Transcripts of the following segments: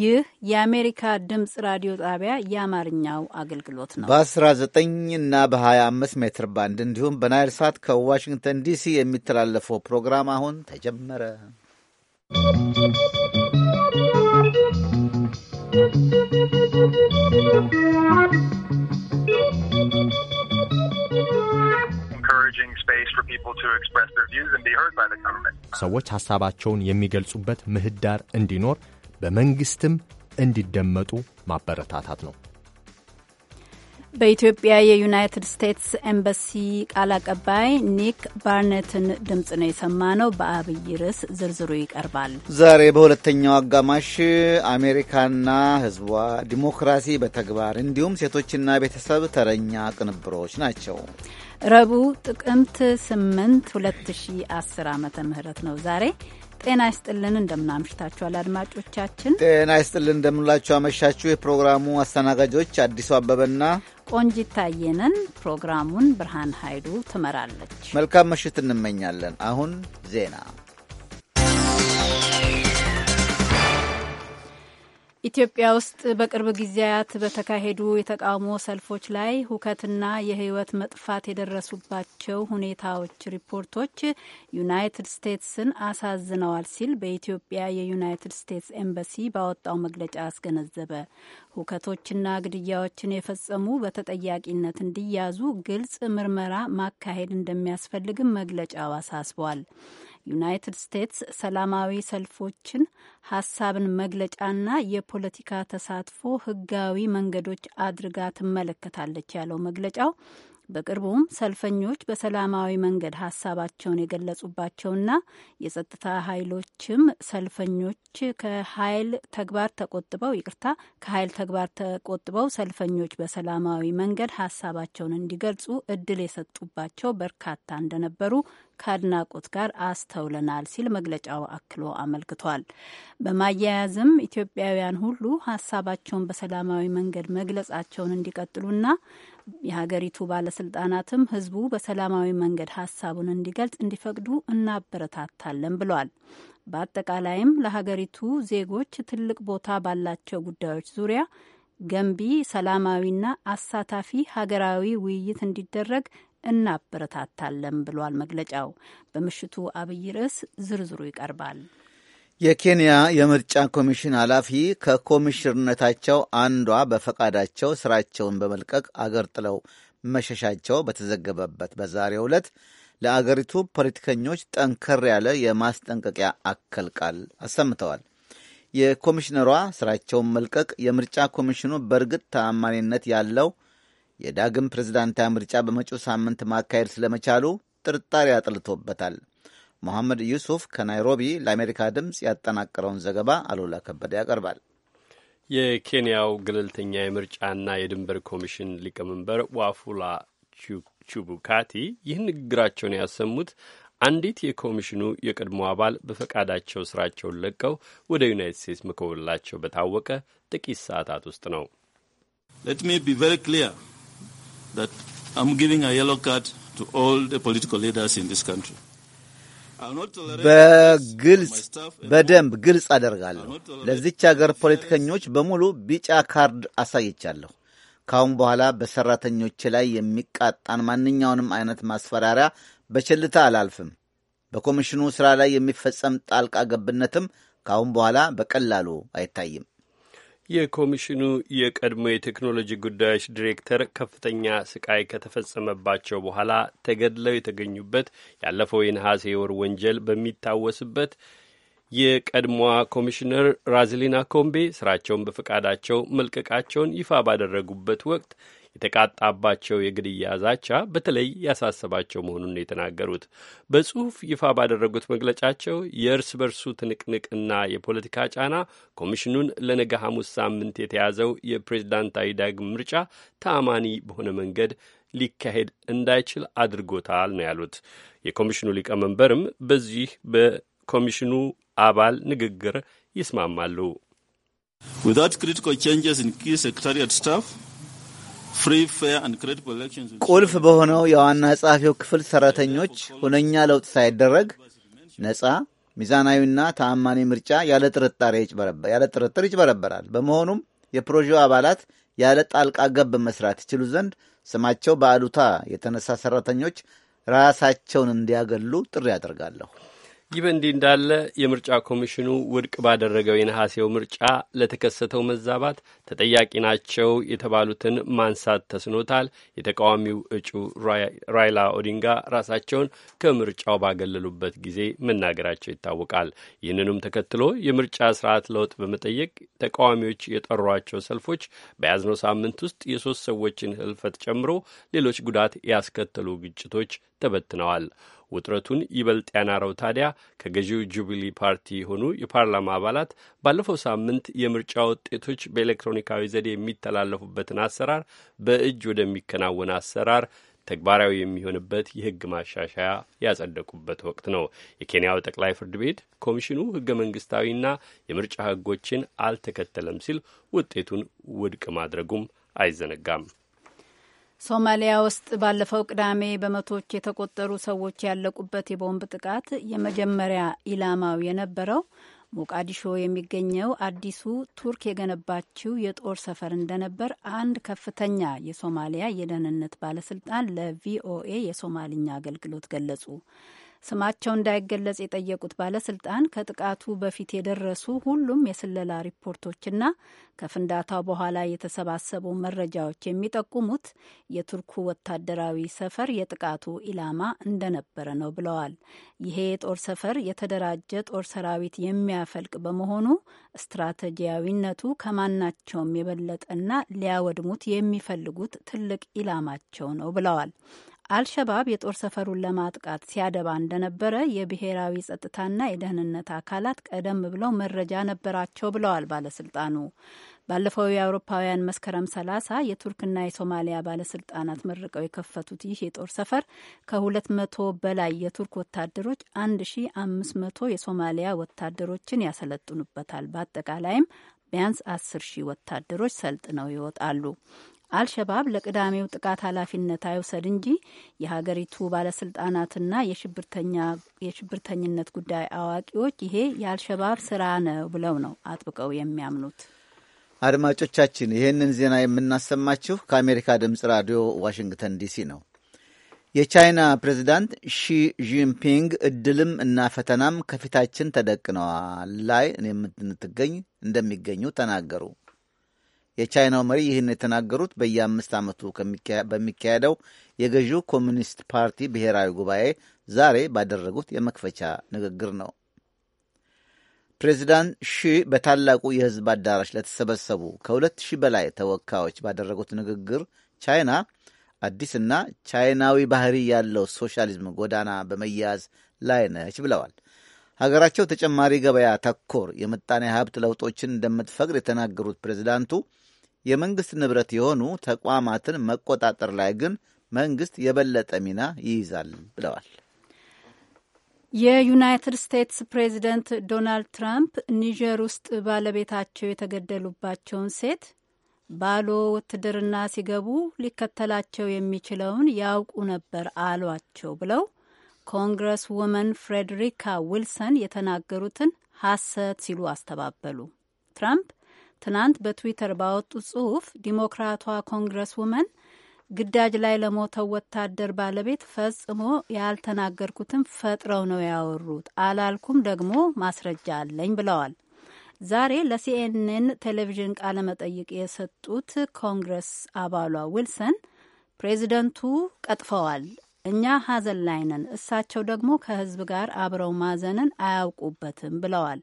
ይህ የአሜሪካ ድምፅ ራዲዮ ጣቢያ የአማርኛው አገልግሎት ነው። በ19 እና በ25 ሜትር ባንድ እንዲሁም በናይል ሳት ከዋሽንግተን ዲሲ የሚተላለፈው ፕሮግራም አሁን ተጀመረ። ሰዎች ሀሳባቸውን የሚገልጹበት ምህዳር እንዲኖር በመንግስትም እንዲደመጡ ማበረታታት ነው። በኢትዮጵያ የዩናይትድ ስቴትስ ኤምባሲ ቃል አቀባይ ኒክ ባርኔትን ድምፅ ነው ነው። በአብይ ርዕስ ዝርዝሩ ይቀርባል። ዛሬ በሁለተኛው አጋማሽ አሜሪካና ሕዝቧ ዲሞክራሲ በተግባር እንዲሁም ሴቶችና ቤተሰብ ተረኛ ቅንብሮች ናቸው። ረቡዕ ጥቅምት 8 2010 ዓ ም ነው ዛሬ ጤና ይስጥልን እንደምናምሽታችኋል አድማጮቻችን። ጤና ይስጥልን እንደምንላችሁ አመሻችሁ። የፕሮግራሙ አስተናጋጆች አዲሱ አበበና ቆንጂት ታየነን። ፕሮግራሙን ብርሃን ኃይሉ ትመራለች። መልካም ምሽት እንመኛለን። አሁን ዜና ኢትዮጵያ ውስጥ በቅርብ ጊዜያት በተካሄዱ የተቃውሞ ሰልፎች ላይ ሁከትና የሕይወት መጥፋት የደረሱባቸው ሁኔታዎች ሪፖርቶች ዩናይትድ ስቴትስን አሳዝነዋል ሲል በኢትዮጵያ የዩናይትድ ስቴትስ ኤምባሲ ባወጣው መግለጫ አስገነዘበ። ሁከቶችና ግድያዎችን የፈጸሙ በተጠያቂነት እንዲያዙ ግልጽ ምርመራ ማካሄድ እንደሚያስፈልግም መግለጫው አሳስቧል። ዩናይትድ ስቴትስ ሰላማዊ ሰልፎችን፣ ሀሳብን መግለጫና የፖለቲካ ተሳትፎ ህጋዊ መንገዶች አድርጋ ትመለከታለች ያለው መግለጫው በቅርቡም ሰልፈኞች በሰላማዊ መንገድ ሀሳባቸውን የገለጹባቸውና የጸጥታ ኃይሎችም ሰልፈኞች ከኃይል ተግባር ተቆጥበው ይቅርታ ከኃይል ተግባር ተቆጥበው ሰልፈኞች በሰላማዊ መንገድ ሀሳባቸውን እንዲገልጹ እድል የሰጡባቸው በርካታ እንደነበሩ ከአድናቆት ጋር አስተውለናል ሲል መግለጫው አክሎ አመልክቷል። በማያያዝም ኢትዮጵያውያን ሁሉ ሀሳባቸውን በሰላማዊ መንገድ መግለጻቸውን እንዲቀጥሉና የሀገሪቱ ባለስልጣናትም ህዝቡ በሰላማዊ መንገድ ሀሳቡን እንዲገልጽ እንዲፈቅዱ እናበረታታለን ብሏል። በአጠቃላይም ለሀገሪቱ ዜጎች ትልቅ ቦታ ባላቸው ጉዳዮች ዙሪያ ገንቢ ሰላማዊና አሳታፊ ሀገራዊ ውይይት እንዲደረግ እናበረታታለን ብሏል መግለጫው። በምሽቱ አብይ ርዕስ ዝርዝሩ ይቀርባል። የኬንያ የምርጫ ኮሚሽን ኃላፊ ከኮሚሽነታቸው አንዷ በፈቃዳቸው ስራቸውን በመልቀቅ አገር ጥለው መሸሻቸው በተዘገበበት በዛሬው ዕለት ለአገሪቱ ፖለቲከኞች ጠንከር ያለ የማስጠንቀቂያ አከል ቃል አሰምተዋል። የኮሚሽነሯ ስራቸውን መልቀቅ የምርጫ ኮሚሽኑ በእርግጥ ተአማኒነት ያለው የዳግም ፕሬዝዳንታዊ ምርጫ በመጪው ሳምንት ማካሄድ ስለመቻሉ ጥርጣሬ አጥልቶበታል። መሐመድ ዩሱፍ ከናይሮቢ ለአሜሪካ ድምፅ ያጠናቀረውን ዘገባ አሉላ ከበደ ያቀርባል። የኬንያው ገለልተኛ የምርጫና የድንበር ኮሚሽን ሊቀመንበር ዋፉላ ቹቡካቲ ይህን ንግግራቸውን ያሰሙት አንዲት የኮሚሽኑ የቀድሞ አባል በፈቃዳቸው ስራቸውን ለቀው ወደ ዩናይትድ ስቴትስ መኮብለላቸው በታወቀ ጥቂት ሰዓታት ውስጥ ነው። that I'm giving a yellow card to all the political leaders in this country. በግልጽ በደንብ ግልጽ አደርጋለሁ። ለዚች አገር ፖለቲከኞች በሙሉ ቢጫ ካርድ አሳይቻለሁ። ካሁን በኋላ በሰራተኞች ላይ የሚቃጣን ማንኛውንም አይነት ማስፈራሪያ በችልታ አላልፍም። በኮሚሽኑ ሥራ ላይ የሚፈጸም ጣልቃ ገብነትም ካሁን በኋላ በቀላሉ አይታይም። የኮሚሽኑ የቀድሞ የቴክኖሎጂ ጉዳዮች ዲሬክተር ከፍተኛ ስቃይ ከተፈጸመባቸው በኋላ ተገድለው የተገኙበት ያለፈው የነሐሴ ወር ወንጀል በሚታወስበት የቀድሞዋ ኮሚሽነር ራዝሊና ኮምቤ ስራቸውን በፈቃዳቸው መልቀቃቸውን ይፋ ባደረጉበት ወቅት የተቃጣባቸው የግድያ ዛቻ በተለይ ያሳሰባቸው መሆኑን ነው የተናገሩት። በጽሁፍ ይፋ ባደረጉት መግለጫቸው የእርስ በርሱ ትንቅንቅና የፖለቲካ ጫና ኮሚሽኑን ለነገ ሐሙስ ሳምንት የተያዘው የፕሬዝዳንታዊ ዳግም ምርጫ ተአማኒ በሆነ መንገድ ሊካሄድ እንዳይችል አድርጎታል ነው ያሉት። የኮሚሽኑ ሊቀመንበርም በዚህ በኮሚሽኑ አባል ንግግር ይስማማሉ። Without critical changes in key secretariat staff, ቁልፍ በሆነው የዋና ጸሐፊው ክፍል ሰራተኞች ሁነኛ ለውጥ ሳይደረግ ነጻ ሚዛናዊና ተአማኒ ምርጫ ያለ ጥርጥር ይጭበረበራል። በመሆኑም የፕሮዤው አባላት ያለ ጣልቃ ገብ መስራት ይችሉ ዘንድ ስማቸው በአሉታ የተነሳ ሰራተኞች ራሳቸውን እንዲያገሉ ጥሪ ያደርጋለሁ። ይህ በእንዲህ እንዳለ የምርጫ ኮሚሽኑ ውድቅ ባደረገው የነሐሴው ምርጫ ለተከሰተው መዛባት ተጠያቂ ናቸው የተባሉትን ማንሳት ተስኖታል። የተቃዋሚው እጩ ራይላ ኦዲንጋ ራሳቸውን ከምርጫው ባገለሉበት ጊዜ መናገራቸው ይታወቃል። ይህንንም ተከትሎ የምርጫ ስርዓት ለውጥ በመጠየቅ ተቃዋሚዎች የጠሯቸው ሰልፎች በያዝነው ሳምንት ውስጥ የሶስት ሰዎችን ህልፈት ጨምሮ ሌሎች ጉዳት ያስከተሉ ግጭቶች ተበትነዋል። ውጥረቱን ይበልጥ ያናረው ታዲያ ከገዢው ጁቢሊ ፓርቲ የሆኑ የፓርላማ አባላት ባለፈው ሳምንት የምርጫ ውጤቶች በኤሌክትሮኒ በቴክኒካዊ ዘዴ የሚተላለፉበትን አሰራር በእጅ ወደሚከናወን አሰራር ተግባራዊ የሚሆንበት የህግ ማሻሻያ ያጸደቁበት ወቅት ነው። የኬንያው ጠቅላይ ፍርድ ቤት ኮሚሽኑ ህገ መንግስታዊና የምርጫ ህጎችን አልተከተለም ሲል ውጤቱን ውድቅ ማድረጉም አይዘነጋም። ሶማሊያ ውስጥ ባለፈው ቅዳሜ በመቶዎች የተቆጠሩ ሰዎች ያለቁበት የቦምብ ጥቃት የመጀመሪያ ኢላማው የነበረው ሞቃዲሾ የሚገኘው አዲሱ ቱርክ የገነባችው የጦር ሰፈር እንደነበር አንድ ከፍተኛ የሶማሊያ የደህንነት ባለስልጣን ለቪኦኤ የሶማልኛ አገልግሎት ገለጹ። ስማቸው እንዳይገለጽ የጠየቁት ባለስልጣን ከጥቃቱ በፊት የደረሱ ሁሉም የስለላ ሪፖርቶችና ከፍንዳታው በኋላ የተሰባሰቡ መረጃዎች የሚጠቁሙት የቱርኩ ወታደራዊ ሰፈር የጥቃቱ ኢላማ እንደነበረ ነው ብለዋል። ይሄ የጦር ሰፈር የተደራጀ ጦር ሰራዊት የሚያፈልቅ በመሆኑ ስትራቴጂያዊነቱ ከማናቸውም የበለጠና ሊያወድሙት የሚፈልጉት ትልቅ ኢላማቸው ነው ብለዋል። አልሸባብ የጦር ሰፈሩን ለማጥቃት ሲያደባ እንደነበረ የብሔራዊ ጸጥታና የደህንነት አካላት ቀደም ብለው መረጃ ነበራቸው ብለዋል ባለስልጣኑ። ባለፈው የአውሮፓውያን መስከረም 30 የቱርክና የሶማሊያ ባለስልጣናት መርቀው የከፈቱት ይህ የጦር ሰፈር ከ200 በላይ የቱርክ ወታደሮች 1500 የሶማሊያ ወታደሮችን ያሰለጥኑበታል። በአጠቃላይም ቢያንስ 10 ሺህ ወታደሮች ሰልጥነው ይወጣሉ። አልሸባብ ለቅዳሜው ጥቃት ኃላፊነት አይውሰድ እንጂ የሀገሪቱ ባለስልጣናትና የሽብርተኝነት ጉዳይ አዋቂዎች ይሄ የአልሸባብ ስራ ነው ብለው ነው አጥብቀው የሚያምኑት። አድማጮቻችን፣ ይህንን ዜና የምናሰማችሁ ከአሜሪካ ድምፅ ራዲዮ ዋሽንግተን ዲሲ ነው። የቻይና ፕሬዚዳንት ሺ ጂንፒንግ እድልም እና ፈተናም ከፊታችን ተደቅነዋል ላይ የምትገኝ እንደሚገኙ ተናገሩ። የቻይናው መሪ ይህን የተናገሩት በየአምስት ዓመቱ በሚካሄደው የገዢው ኮሚኒስት ፓርቲ ብሔራዊ ጉባኤ ዛሬ ባደረጉት የመክፈቻ ንግግር ነው። ፕሬዚዳንት ሺ በታላቁ የሕዝብ አዳራሽ ለተሰበሰቡ ከሁለት ሺህ በላይ ተወካዮች ባደረጉት ንግግር ቻይና አዲስና ቻይናዊ ባህሪ ያለው ሶሻሊዝም ጎዳና በመያዝ ላይ ነች ብለዋል። ሀገራቸው ተጨማሪ ገበያ ተኮር የምጣኔ ሀብት ለውጦችን እንደምትፈቅድ የተናገሩት ፕሬዚዳንቱ የመንግሥት ንብረት የሆኑ ተቋማትን መቆጣጠር ላይ ግን መንግስት የበለጠ ሚና ይይዛል ብለዋል። የዩናይትድ ስቴትስ ፕሬዚደንት ዶናልድ ትራምፕ ኒጀር ውስጥ ባለቤታቸው የተገደሉባቸውን ሴት ባሎ ውትድርና ሲገቡ ሊከተላቸው የሚችለውን ያውቁ ነበር አሏቸው ብለው ኮንግረስ ውመን ፍሬድሪካ ዊልሰን የተናገሩትን ሐሰት ሲሉ አስተባበሉ። ትራምፕ ትናንት በትዊተር ባወጡት ጽሁፍ ዲሞክራቷ ኮንግረስ ውመን ግዳጅ ላይ ለሞተው ወታደር ባለቤት ፈጽሞ ያልተናገርኩትም ፈጥረው ነው ያወሩት፣ አላልኩም ደግሞ ማስረጃ አለኝ ብለዋል። ዛሬ ለሲኤንኤን ቴሌቪዥን ቃለ መጠይቅ የሰጡት ኮንግረስ አባሏ ዊልሰን ፕሬዚደንቱ ቀጥፈዋል እኛ ሀዘን ላይ ነን፣ እሳቸው ደግሞ ከህዝብ ጋር አብረው ማዘንን አያውቁበትም ብለዋል።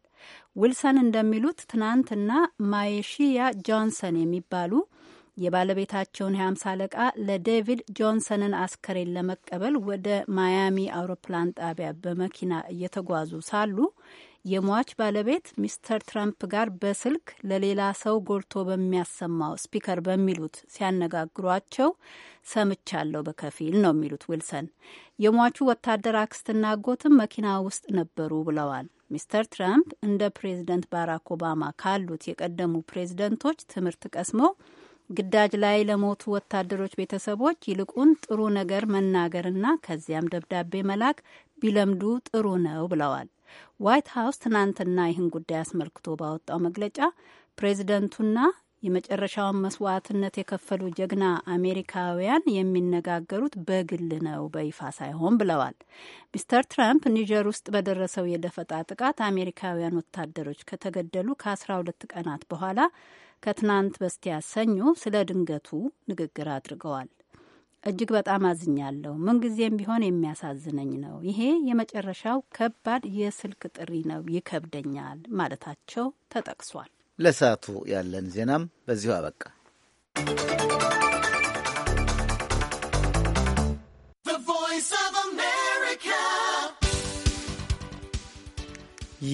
ዊልሰን እንደሚሉት ትናንትና ማየሺያ ጆንሰን የሚባሉ የባለቤታቸውን የ5ምሳ አለቃ ለዴቪድ ጆንሰንን አስከሬን ለመቀበል ወደ ማያሚ አውሮፕላን ጣቢያ በመኪና እየተጓዙ ሳሉ የሟች ባለቤት ሚስተር ትራምፕ ጋር በስልክ ለሌላ ሰው ጎልቶ በሚያሰማው ስፒከር በሚሉት ሲያነጋግሯቸው ሰምቻለሁ በከፊል ነው የሚሉት ዊልሰን። የሟቹ ወታደር አክስትና አጎትም መኪና ውስጥ ነበሩ ብለዋል። ሚስተር ትራምፕ እንደ ፕሬዝደንት ባራክ ኦባማ ካሉት የቀደሙ ፕሬዝደንቶች ትምህርት ቀስመው ግዳጅ ላይ ለሞቱ ወታደሮች ቤተሰቦች ይልቁን ጥሩ ነገር መናገርና ከዚያም ደብዳቤ መላክ ቢለምዱ ጥሩ ነው ብለዋል። ዋይት ሀውስ ትናንትና ይህን ጉዳይ አስመልክቶ ባወጣው መግለጫ ፕሬዚደንቱና የመጨረሻውን መስዋዕትነት የከፈሉ ጀግና አሜሪካውያን የሚነጋገሩት በግል ነው፣ በይፋ ሳይሆን ብለዋል። ሚስተር ትራምፕ ኒጀር ውስጥ በደረሰው የደፈጣ ጥቃት አሜሪካውያን ወታደሮች ከተገደሉ ከ12 ቀናት በኋላ ከትናንት በስቲያ ሰኞ ስለ ድንገቱ ንግግር አድርገዋል። እጅግ በጣም አዝኛለሁ። ምንጊዜም ቢሆን የሚያሳዝነኝ ነው። ይሄ የመጨረሻው ከባድ የስልክ ጥሪ ነው። ይከብደኛል ማለታቸው ተጠቅሷል። ለሰዓቱ ያለን ዜናም በዚሁ አበቃ።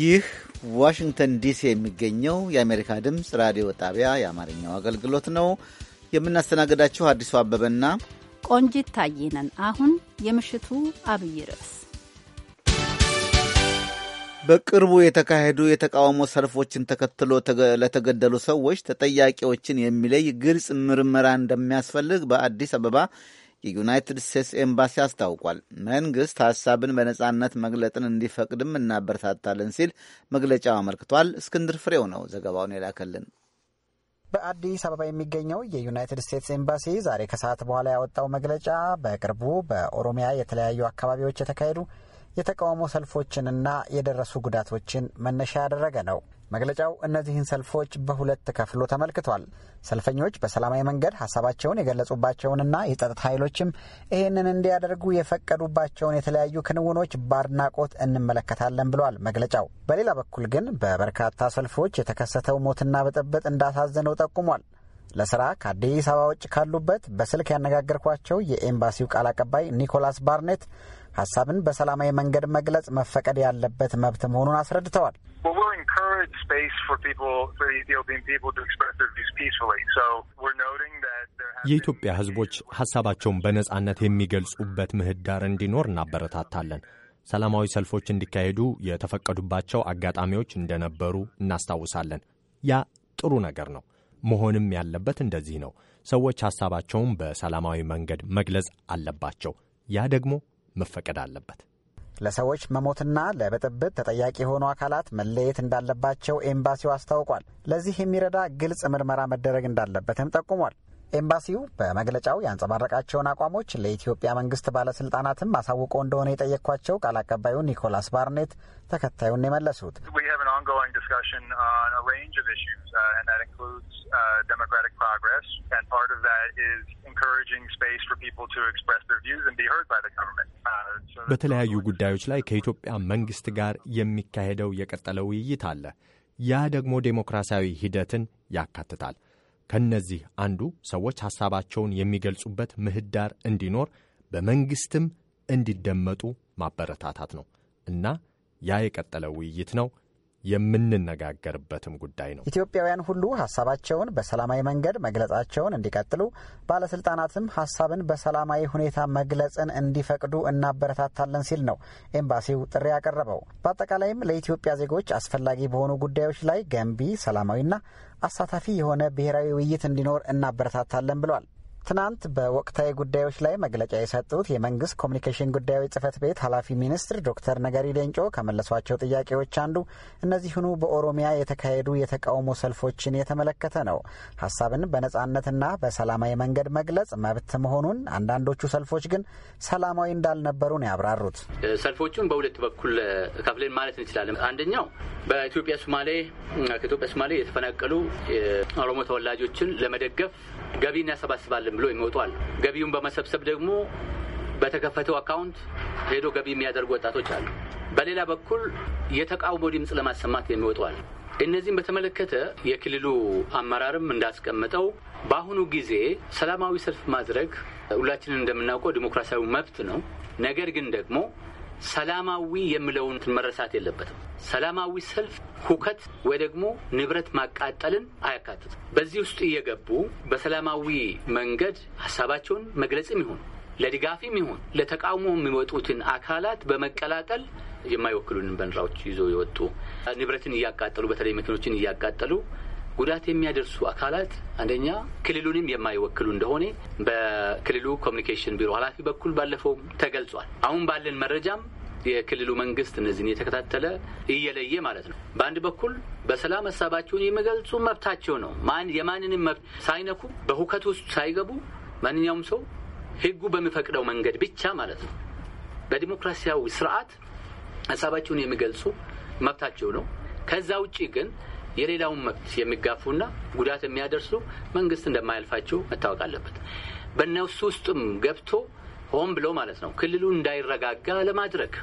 ይህ ዋሽንግተን ዲሲ የሚገኘው የአሜሪካ ድምፅ ራዲዮ ጣቢያ የአማርኛው አገልግሎት ነው። የምናስተናግዳችሁ አዲሱ አበበና ቆንጂት ታዬ አሁን የምሽቱ አብይ ርዕስ በቅርቡ የተካሄዱ የተቃውሞ ሰልፎችን ተከትሎ ለተገደሉ ሰዎች ተጠያቂዎችን የሚለይ ግልጽ ምርመራ እንደሚያስፈልግ በአዲስ አበባ የዩናይትድ ስቴትስ ኤምባሲ አስታውቋል። መንግሥት ሐሳብን በነጻነት መግለጥን እንዲፈቅድም እናበረታታለን ሲል መግለጫው አመልክቷል። እስክንድር ፍሬው ነው ዘገባውን የላከልን። በአዲስ አበባ የሚገኘው የዩናይትድ ስቴትስ ኤምባሲ ዛሬ ከሰዓት በኋላ ያወጣው መግለጫ በቅርቡ በኦሮሚያ የተለያዩ አካባቢዎች የተካሄዱ የተቃውሞ ሰልፎችንና የደረሱ ጉዳቶችን መነሻ ያደረገ ነው። መግለጫው እነዚህን ሰልፎች በሁለት ከፍሎ ተመልክቷል። ሰልፈኞች በሰላማዊ መንገድ ሀሳባቸውን የገለጹባቸውንና የጸጥታ ኃይሎችም ይህንን እንዲያደርጉ የፈቀዱባቸውን የተለያዩ ክንውኖች በአድናቆት እንመለከታለን ብሏል መግለጫው። በሌላ በኩል ግን በበርካታ ሰልፎች የተከሰተው ሞትና ብጥብጥ እንዳሳዘነው ጠቁሟል። ለስራ ከአዲስ አበባ ውጭ ካሉበት በስልክ ያነጋገርኳቸው የኤምባሲው ቃል አቀባይ ኒኮላስ ባርኔት ሀሳብን በሰላማዊ መንገድ መግለጽ መፈቀድ ያለበት መብት መሆኑን አስረድተዋል። wanted space for people, for the Ethiopian people to express their views peacefully. So we're noting that የኢትዮጵያ ሕዝቦች ሐሳባቸውን በነጻነት የሚገልጹበት ምህዳር እንዲኖር እናበረታታለን። ሰላማዊ ሰልፎች እንዲካሄዱ የተፈቀዱባቸው አጋጣሚዎች እንደነበሩ እናስታውሳለን። ያ ጥሩ ነገር ነው። መሆንም ያለበት እንደዚህ ነው። ሰዎች ሐሳባቸውን በሰላማዊ መንገድ መግለጽ አለባቸው። ያ ደግሞ መፈቀድ አለበት። ለሰዎች መሞትና ለብጥብጥ ተጠያቂ የሆኑ አካላት መለየት እንዳለባቸው ኤምባሲው አስታውቋል። ለዚህ የሚረዳ ግልጽ ምርመራ መደረግ እንዳለበትም ጠቁሟል። ኤምባሲው በመግለጫው ያንጸባረቃቸውን አቋሞች ለኢትዮጵያ መንግስት ባለስልጣናትም አሳውቆ እንደሆነ የጠየኳቸው ቃል አቀባዩ ኒኮላስ ባርኔት ተከታዩን የመለሱት uh, uh, uh, በተለያዩ ጉዳዮች ላይ ከኢትዮጵያ መንግስት ጋር የሚካሄደው የቀጠለ ውይይት አለ። ያ ደግሞ ዴሞክራሲያዊ ሂደትን ያካትታል። ከነዚህ አንዱ ሰዎች ሐሳባቸውን የሚገልጹበት ምህዳር እንዲኖር በመንግሥትም እንዲደመጡ ማበረታታት ነው እና ያ የቀጠለ ውይይት ነው። የምንነጋገርበትም ጉዳይ ነው። ኢትዮጵያውያን ሁሉ ሀሳባቸውን በሰላማዊ መንገድ መግለጻቸውን እንዲቀጥሉ፣ ባለስልጣናትም ሀሳብን በሰላማዊ ሁኔታ መግለጽን እንዲፈቅዱ እናበረታታለን ሲል ነው ኤምባሲው ጥሪ ያቀረበው። በአጠቃላይም ለኢትዮጵያ ዜጎች አስፈላጊ በሆኑ ጉዳዮች ላይ ገንቢ ሰላማዊና አሳታፊ የሆነ ብሔራዊ ውይይት እንዲኖር እናበረታታለን ብሏል። ትናንት በወቅታዊ ጉዳዮች ላይ መግለጫ የሰጡት የመንግስት ኮሚኒኬሽን ጉዳዮች ጽህፈት ቤት ኃላፊ ሚኒስትር ዶክተር ነገሪ ሌንጮ ከመለሷቸው ጥያቄዎች አንዱ እነዚህኑ በኦሮሚያ የተካሄዱ የተቃውሞ ሰልፎችን የተመለከተ ነው። ሀሳብን በነጻነትና በሰላማዊ መንገድ መግለጽ መብት መሆኑን፣ አንዳንዶቹ ሰልፎች ግን ሰላማዊ እንዳልነበሩ ነው ያብራሩት። ሰልፎቹን በሁለት በኩል ከፍለን ማለት እንችላለን። አንደኛው በኢትዮጵያ ሶማሌ ከኢትዮጵያ ሶማሌ የተፈናቀሉ ኦሮሞ ተወላጆችን ለመደገፍ ገቢ እናሰባስባለን ዝም ብሎ የሚወጡ ገቢውን በመሰብሰብ ደግሞ በተከፈተው አካውንት ሄዶ ገቢ የሚያደርጉ ወጣቶች አሉ። በሌላ በኩል የተቃውሞ ድምፅ ለማሰማት የሚወጧል። እነዚህም በተመለከተ የክልሉ አመራርም እንዳስቀመጠው በአሁኑ ጊዜ ሰላማዊ ሰልፍ ማድረግ ሁላችንን እንደምናውቀው ዲሞክራሲያዊ መብት ነው። ነገር ግን ደግሞ ሰላማዊ የምለውን መረሳት የለበትም። ሰላማዊ ሰልፍ ሁከት ወይ ደግሞ ንብረት ማቃጠልን አያካትትም። በዚህ ውስጥ እየገቡ በሰላማዊ መንገድ ሀሳባቸውን መግለጽም ይሁን ለድጋፊም ይሁን ለተቃውሞ የሚወጡትን አካላት በመቀላጠል የማይወክሉን ባንዲራዎች ይዞ የወጡ ንብረትን እያቃጠሉ በተለይ መኪኖችን እያቃጠሉ ጉዳት የሚያደርሱ አካላት አንደኛ ክልሉንም የማይወክሉ እንደሆነ በክልሉ ኮሚኒኬሽን ቢሮ ኃላፊ በኩል ባለፈው ተገልጿል። አሁን ባለን መረጃም የክልሉ መንግስት እነዚህን የተከታተለ እየለየ ማለት ነው። በአንድ በኩል በሰላም ሀሳባቸውን የሚገልጹ መብታቸው ነው። ማን የማንንም መብት ሳይነኩ በሁከት ውስጥ ሳይገቡ ማንኛውም ሰው ህጉ በሚፈቅደው መንገድ ብቻ ማለት ነው በዲሞክራሲያዊ ስርዓት ሀሳባቸውን የሚገልጹ መብታቸው ነው። ከዛ ውጪ ግን የሌላውን መብት የሚጋፉና ጉዳት የሚያደርሱ መንግስት እንደማያልፋቸው መታወቅ አለበት። በእነሱ ውስጥም ገብቶ ሆን ብሎ ማለት ነው ክልሉ እንዳይረጋጋ ለማድረግ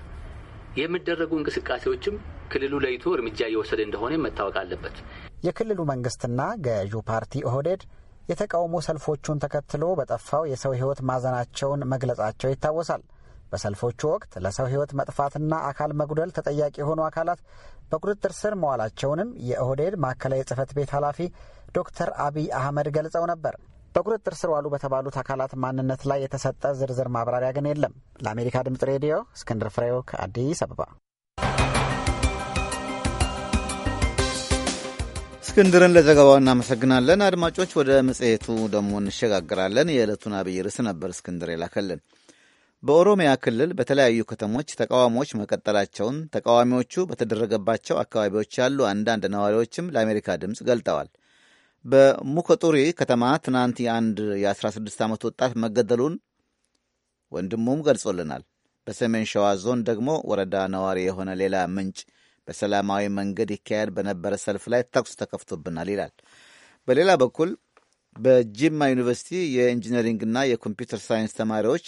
የሚደረጉ እንቅስቃሴዎችም ክልሉ ለይቶ እርምጃ እየወሰደ እንደሆነ መታወቅ አለበት። የክልሉ መንግስትና ገዢው ፓርቲ ኦህዴድ የተቃውሞ ሰልፎቹን ተከትሎ በጠፋው የሰው ህይወት ማዘናቸውን መግለጻቸው ይታወሳል። በሰልፎቹ ወቅት ለሰው ህይወት መጥፋትና አካል መጉደል ተጠያቂ የሆኑ አካላት በቁጥጥር ስር መዋላቸውንም የኦህዴድ ማዕከላዊ ጽህፈት ቤት ኃላፊ ዶክተር አብይ አህመድ ገልጸው ነበር። በቁጥጥር ስር ዋሉ በተባሉት አካላት ማንነት ላይ የተሰጠ ዝርዝር ማብራሪያ ግን የለም። ለአሜሪካ ድምጽ ሬዲዮ እስክንድር ፍሬው ከአዲስ አበባ። እስክንድርን ለዘገባው እናመሰግናለን። አድማጮች፣ ወደ መጽሔቱ ደግሞ እንሸጋግራለን። የዕለቱን አብይ ርዕስ ነበር እስክንድር የላከልን። በኦሮሚያ ክልል በተለያዩ ከተሞች ተቃዋሚዎች መቀጠላቸውን ተቃዋሚዎቹ በተደረገባቸው አካባቢዎች ያሉ አንዳንድ ነዋሪዎችም ለአሜሪካ ድምፅ ገልጠዋል። በሙከጡሪ ከተማ ትናንት የአንድ የ16 ዓመት ወጣት መገደሉን ወንድሙም ገልጾልናል። በሰሜን ሸዋ ዞን ደግሞ ወረዳ ነዋሪ የሆነ ሌላ ምንጭ በሰላማዊ መንገድ ይካሄድ በነበረ ሰልፍ ላይ ተኩስ ተከፍቶብናል ይላል። በሌላ በኩል በጂማ ዩኒቨርሲቲ የኢንጂነሪንግና የኮምፒውተር ሳይንስ ተማሪዎች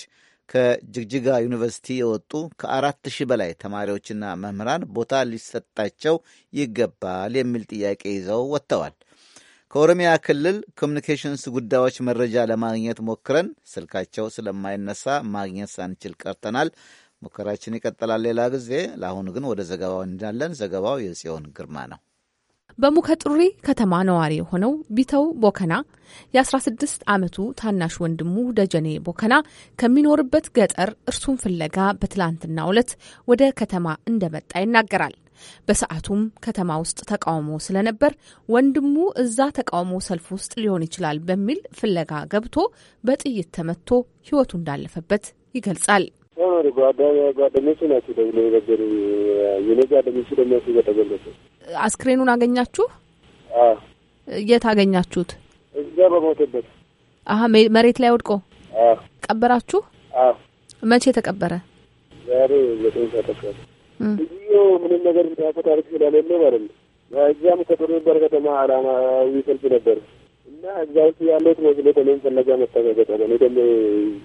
ከጅግጅጋ ዩኒቨርሲቲ የወጡ ከአራት ሺህ በላይ ተማሪዎችና መምህራን ቦታ ሊሰጣቸው ይገባል የሚል ጥያቄ ይዘው ወጥተዋል። ከኦሮሚያ ክልል ኮሚኒኬሽንስ ጉዳዮች መረጃ ለማግኘት ሞክረን ስልካቸው ስለማይነሳ ማግኘት ሳንችል ቀርተናል። ሙከራችን ይቀጥላል ሌላ ጊዜ። ለአሁኑ ግን ወደ ዘገባው እንዳለን። ዘገባው የጽዮን ግርማ ነው። በሙከጥሪ ከተማ ነዋሪ የሆነው ቢተው ቦከና የ16 ዓመቱ ታናሽ ወንድሙ ደጀኔ ቦከና ከሚኖርበት ገጠር እርሱን ፍለጋ በትላንትና ዕለት ወደ ከተማ እንደመጣ ይናገራል። በሰዓቱም ከተማ ውስጥ ተቃውሞ ስለነበር ወንድሙ እዛ ተቃውሞ ሰልፍ ውስጥ ሊሆን ይችላል በሚል ፍለጋ ገብቶ በጥይት ተመቶ ሕይወቱ እንዳለፈበት ይገልጻል። ጓደኞቹ ናቸው ደግሞ የነገሩ የኔ ጓደኞቹ ደግሞ አስክሬኑን አገኛችሁ? የት አገኛችሁት? እዛ በሞተበት። አሀ መሬት ላይ ወድቆ ቀበራችሁ? መቼ ተቀበረ? ዛሬ ዘጠኝ ሰዓት አካባቢ ምንም ነገር ስለሌለ ማለት ነው። እዚያም ከጥሩ ነበር ከተማ አላማዊ ሰልፍ ነበር እና እዛ ውስጥ ያለት መስሎ ተለም ፈለጋ ነው።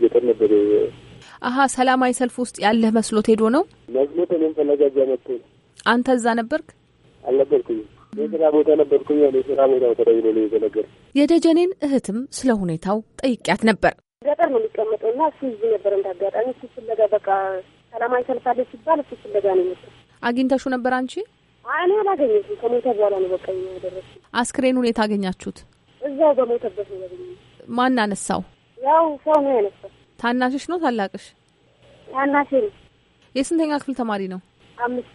ገጠር ነበር። አሀ ሰላማዊ ሰልፍ ውስጥ ያለህ መስሎት ሄዶ ነው መስሎ ተለም ፈለጋ እዚያ መጥቶ አንተ እዛ ነበርክ? አልነበርኩኝም። የስራ ቦታ ነበርኩኝ። የስራ ቦታ ተደውሎ ነው የተነገር። የደጀኔን እህትም ስለ ሁኔታው ጠይቂያት ነበር። ገጠር ነው የሚቀመጠው እና እሱ እዚህ ነበር። እንዳጋጣሚ እሱ ፍለጋ በቃ ሰላማዊ ሰልፍ አለ ሲባል እሱ ፍለጋ ነው ይመስል። አግኝተሹ ነበር አንቺ? እኔ አላገኘሁትም። ከሞተ በኋላ ነው በቃ ያደረሱ። አስክሬን ሁኔታ አገኛችሁት? እዛው በሞተበት ነው ያገኘ። ማን አነሳው? ያው ሰው ነው ያነሳው። ታናሽሽ ነው ታላቅሽ? ታናሽ ነው። የስንተኛ ክፍል ተማሪ ነው? አምስት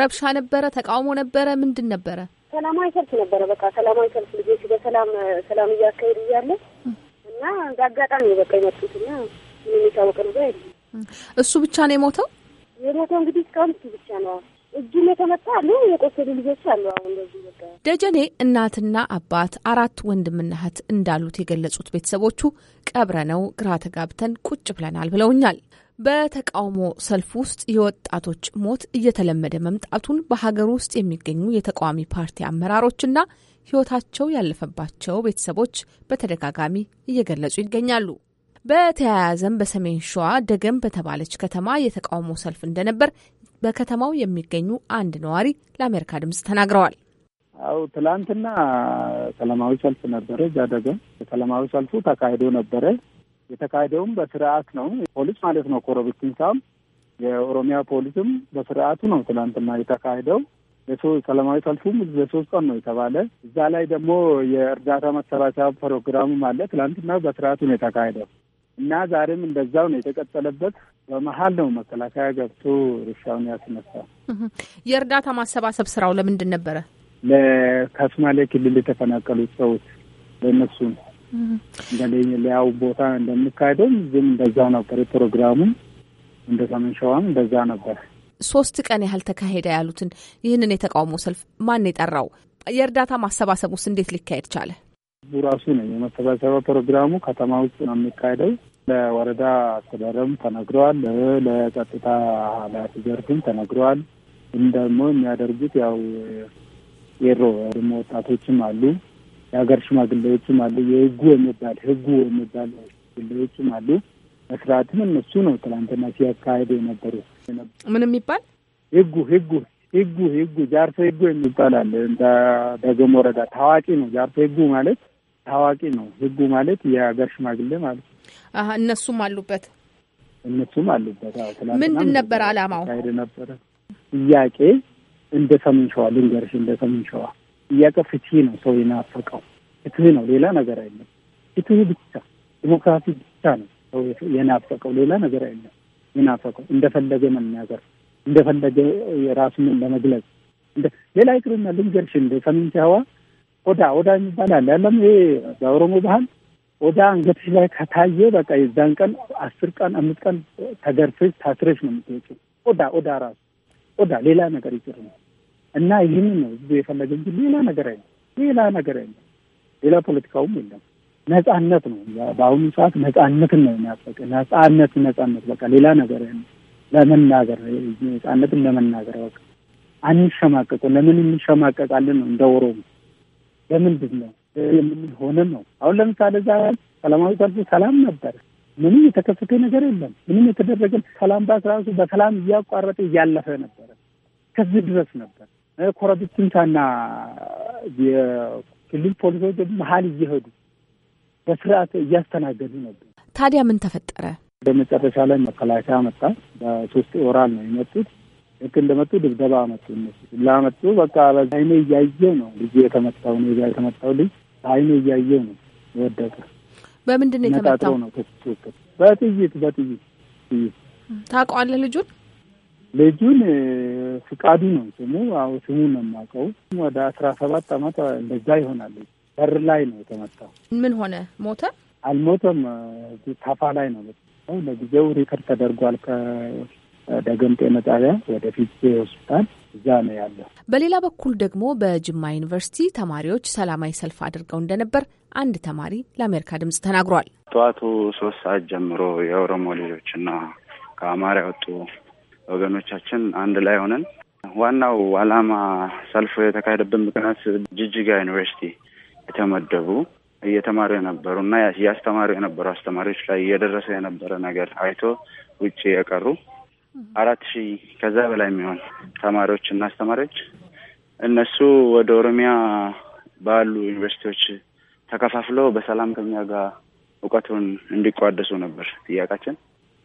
ረብሻ ነበረ? ተቃውሞ ነበረ? ምንድን ነበረ? ሰላማዊ ሰልፍ ነበረ። በቃ ሰላማዊ ሰልፍ ልጆች በሰላም ሰላም እያካሄዱ እያለ እና እንደ አጋጣሚ በቃ የመጡት እና ምን የታወቀ ነገር የለ። እሱ ብቻ ነው የሞተው። የሞተው እንግዲህ እስካሁን እሱ ብቻ ነው። እጁም የተመታ አሉ፣ የቆሰሉ ልጆች አሉ። አሁን እንደዚህ በቃ ደጀኔ እናትና አባት አራት ወንድምና እህት እንዳሉት የገለጹት ቤተሰቦቹ ቀብረ ነው ግራ ተጋብተን ቁጭ ብለናል ብለውኛል። በተቃውሞ ሰልፍ ውስጥ የወጣቶች ሞት እየተለመደ መምጣቱን በሀገር ውስጥ የሚገኙ የተቃዋሚ ፓርቲ አመራሮችና ሕይወታቸው ያለፈባቸው ቤተሰቦች በተደጋጋሚ እየገለጹ ይገኛሉ። በተያያዘም በሰሜን ሸዋ ደገም በተባለች ከተማ የተቃውሞ ሰልፍ እንደነበር በከተማው የሚገኙ አንድ ነዋሪ ለአሜሪካ ድምጽ ተናግረዋል። አው ትላንትና ሰላማዊ ሰልፍ ነበረ። እዛ ደገም ሰላማዊ ሰልፉ ተካሂዶ ነበረ። የተካሄደውም በስርዓት ነው። ፖሊስ ማለት ነው ኮረብቲንሳም የኦሮሚያ ፖሊስም በስርዓቱ ነው ትላንትና የተካሄደው። ሰላማዊ ሰልፉም ለሶስት ቀን ነው የተባለ። እዛ ላይ ደግሞ የእርዳታ መሰባሰቢያ ፕሮግራምም አለ። ትላንትና በስርዓቱ ነው የተካሄደው እና ዛሬም እንደዛው ነው የተቀጠለበት። በመሀል ነው መከላከያ ገብቶ ርሻውን ያስነሳ። የእርዳታ ማሰባሰብ ስራው ለምንድን ነበረ? ለከሱማሌ ክልል የተፈናቀሉት ሰዎች ለእነሱ ነው። ሌላው ቦታ እንደሚካሄደው ዝም እንደዛው ነበር ፕሮግራሙ። እንደ ሰሜን ሸዋም እንደዛ ነበር። ሶስት ቀን ያህል ተካሄደ ያሉትን ይህንን የተቃውሞ ሰልፍ ማን የጠራው? የእርዳታ ማሰባሰብ ውስጥ እንዴት ሊካሄድ ቻለ? ራሱ ነው የመሰባሰባ ፕሮግራሙ ከተማ ውስጥ ነው የሚካሄደው። ለወረዳ አስተዳደርም ተነግረዋል። ለጸጥታ ኃላፊ ዘርፍም ተነግረዋል። ይህም ደግሞ የሚያደርጉት ያው የሮ ደግሞ ወጣቶችም አሉ የሀገር ሽማግሌዎችም አሉ፣ የህጉ የሚባል ህጉ የሚባል ሽማግሌዎችም አሉ። መስራትም እነሱ ነው ትላንትና ሲያካሄዱ የነበሩ ምን የሚባል ህጉ ህጉ ህጉ ህጉ ጃርሶ ህጉ የሚባል አለ። እንደ ደገም ወረዳ ታዋቂ ነው። ጃርሶ ህጉ ማለት ታዋቂ ነው። ህጉ ማለት የሀገር ሽማግሌ ማለት ነው። እነሱም አሉበት እነሱም አሉበት። ምንድን ነበር አላማው? ነበረ ጥያቄ እንደ ሰሜን ሸዋ ልንገርሽ፣ እንደ ሰሜን ሸዋ ጥያቄው ፍትህ ነው። ሰው የናፈቀው ፍትህ ነው፣ ሌላ ነገር አይለም። ፍትህ ብቻ ዲሞክራሲ ብቻ ነው ሰው የናፈቀው፣ ሌላ ነገር አይለም። የናፈቀው እንደፈለገ መናገር፣ እንደፈለገ የራሱን ለመግለጽ ሌላ ይቅርና ልንገርሽ እንደ ሰሚንት ሀዋ ኦዳ ኦዳ የሚባል አለ ያለም ይሄ በኦሮሞ ባህል ኦዳ አንገትሽ ላይ ከታየ በቃ የዛን ቀን አስር ቀን አምስት ቀን ተገርፍሽ ታስረሽ ነው የምትወጪው። ኦዳ ኦዳ ራሱ ኦዳ ሌላ ነገር ይቅር ነው። እና ይህን ነው ህዝቡ የፈለገ እንጂ ሌላ ነገር አይነት ሌላ ነገር አይነት ሌላ ፖለቲካውም የለም። ነጻነት ነው። በአሁኑ ሰዓት ነጻነትን ነው የሚያፈቅ ነጻነት ነጻነት በቃ ሌላ ነገር ለመናገር ነጻነትን ለመናገር በቃ አንሸማቀቁ። ለምን እንሸማቀቃለን ነው እንደ ኦሮሞ ለምንድን ነው የምንል ሆነም ነው። አሁን ለምሳሌ እዛ ሰላማዊ ሰልፉ ሰላም ነበር። ምንም የተከሰተ ነገር የለም። ምንም የተደረገ ሰላም ባስ ራሱ በሰላም እያቋረጠ እያለፈ ነበረ። ከዚህ ድረስ ነበር ኮረብት ስምታና የክልል ፖሊሶች መሀል እየሄዱ በስርዓት እያስተናገዱ ነበር። ታዲያ ምን ተፈጠረ? በመጨረሻ ላይ መከላከያ መጣ። በሶስት ኦራል ነው የመጡት። ልክ እንደመጡ ድብደባ መጡ። እነሱ ላመጡ በቃ በአይኔ እያየው ነው ልጅ የተመጣው ነው ዛ የተመጣው ልጅ አይኔ እያየው ነው የወደቀ። በምንድን ነው የተመታው? ነው በጥይት በጥይት። ታውቀዋለህ ልጁን ልጁን ፍቃዱ ነው ስሙ። አዎ ስሙን ነው የማውቀው። ወደ አስራ ሰባት አመት እንደዛ ይሆናል። በር ላይ ነው የተመታው። ምን ሆነ? ሞተ? አልሞተም። ታፋ ላይ ነው። ለጊዜው ሪከርድ ተደርጓል ከደገም ጤና ጣቢያ ሆስፒታል እዛ ነው ያለው። በሌላ በኩል ደግሞ በጅማ ዩኒቨርሲቲ ተማሪዎች ሰላማዊ ሰልፍ አድርገው እንደነበር አንድ ተማሪ ለአሜሪካ ድምጽ ተናግሯል። ጠዋቱ ሶስት ሰዓት ጀምሮ የኦሮሞ ልጆችና ከአማራ ወጡ ወገኖቻችን አንድ ላይ ሆነን ዋናው ዓላማ ሰልፍ የተካሄደበት ምክንያት ጅጅጋ ዩኒቨርሲቲ የተመደቡ እየተማሩ የነበሩ እና እያስተማሩ የነበሩ አስተማሪዎች ላይ እየደረሰ የነበረ ነገር አይቶ ውጭ የቀሩ አራት ሺህ ከዛ በላይ የሚሆን ተማሪዎች እና አስተማሪዎች እነሱ ወደ ኦሮሚያ ባሉ ዩኒቨርሲቲዎች ተከፋፍለው በሰላም ከኛ ጋር እውቀቱን እንዲቋደሱ ነበር ጥያቃችን።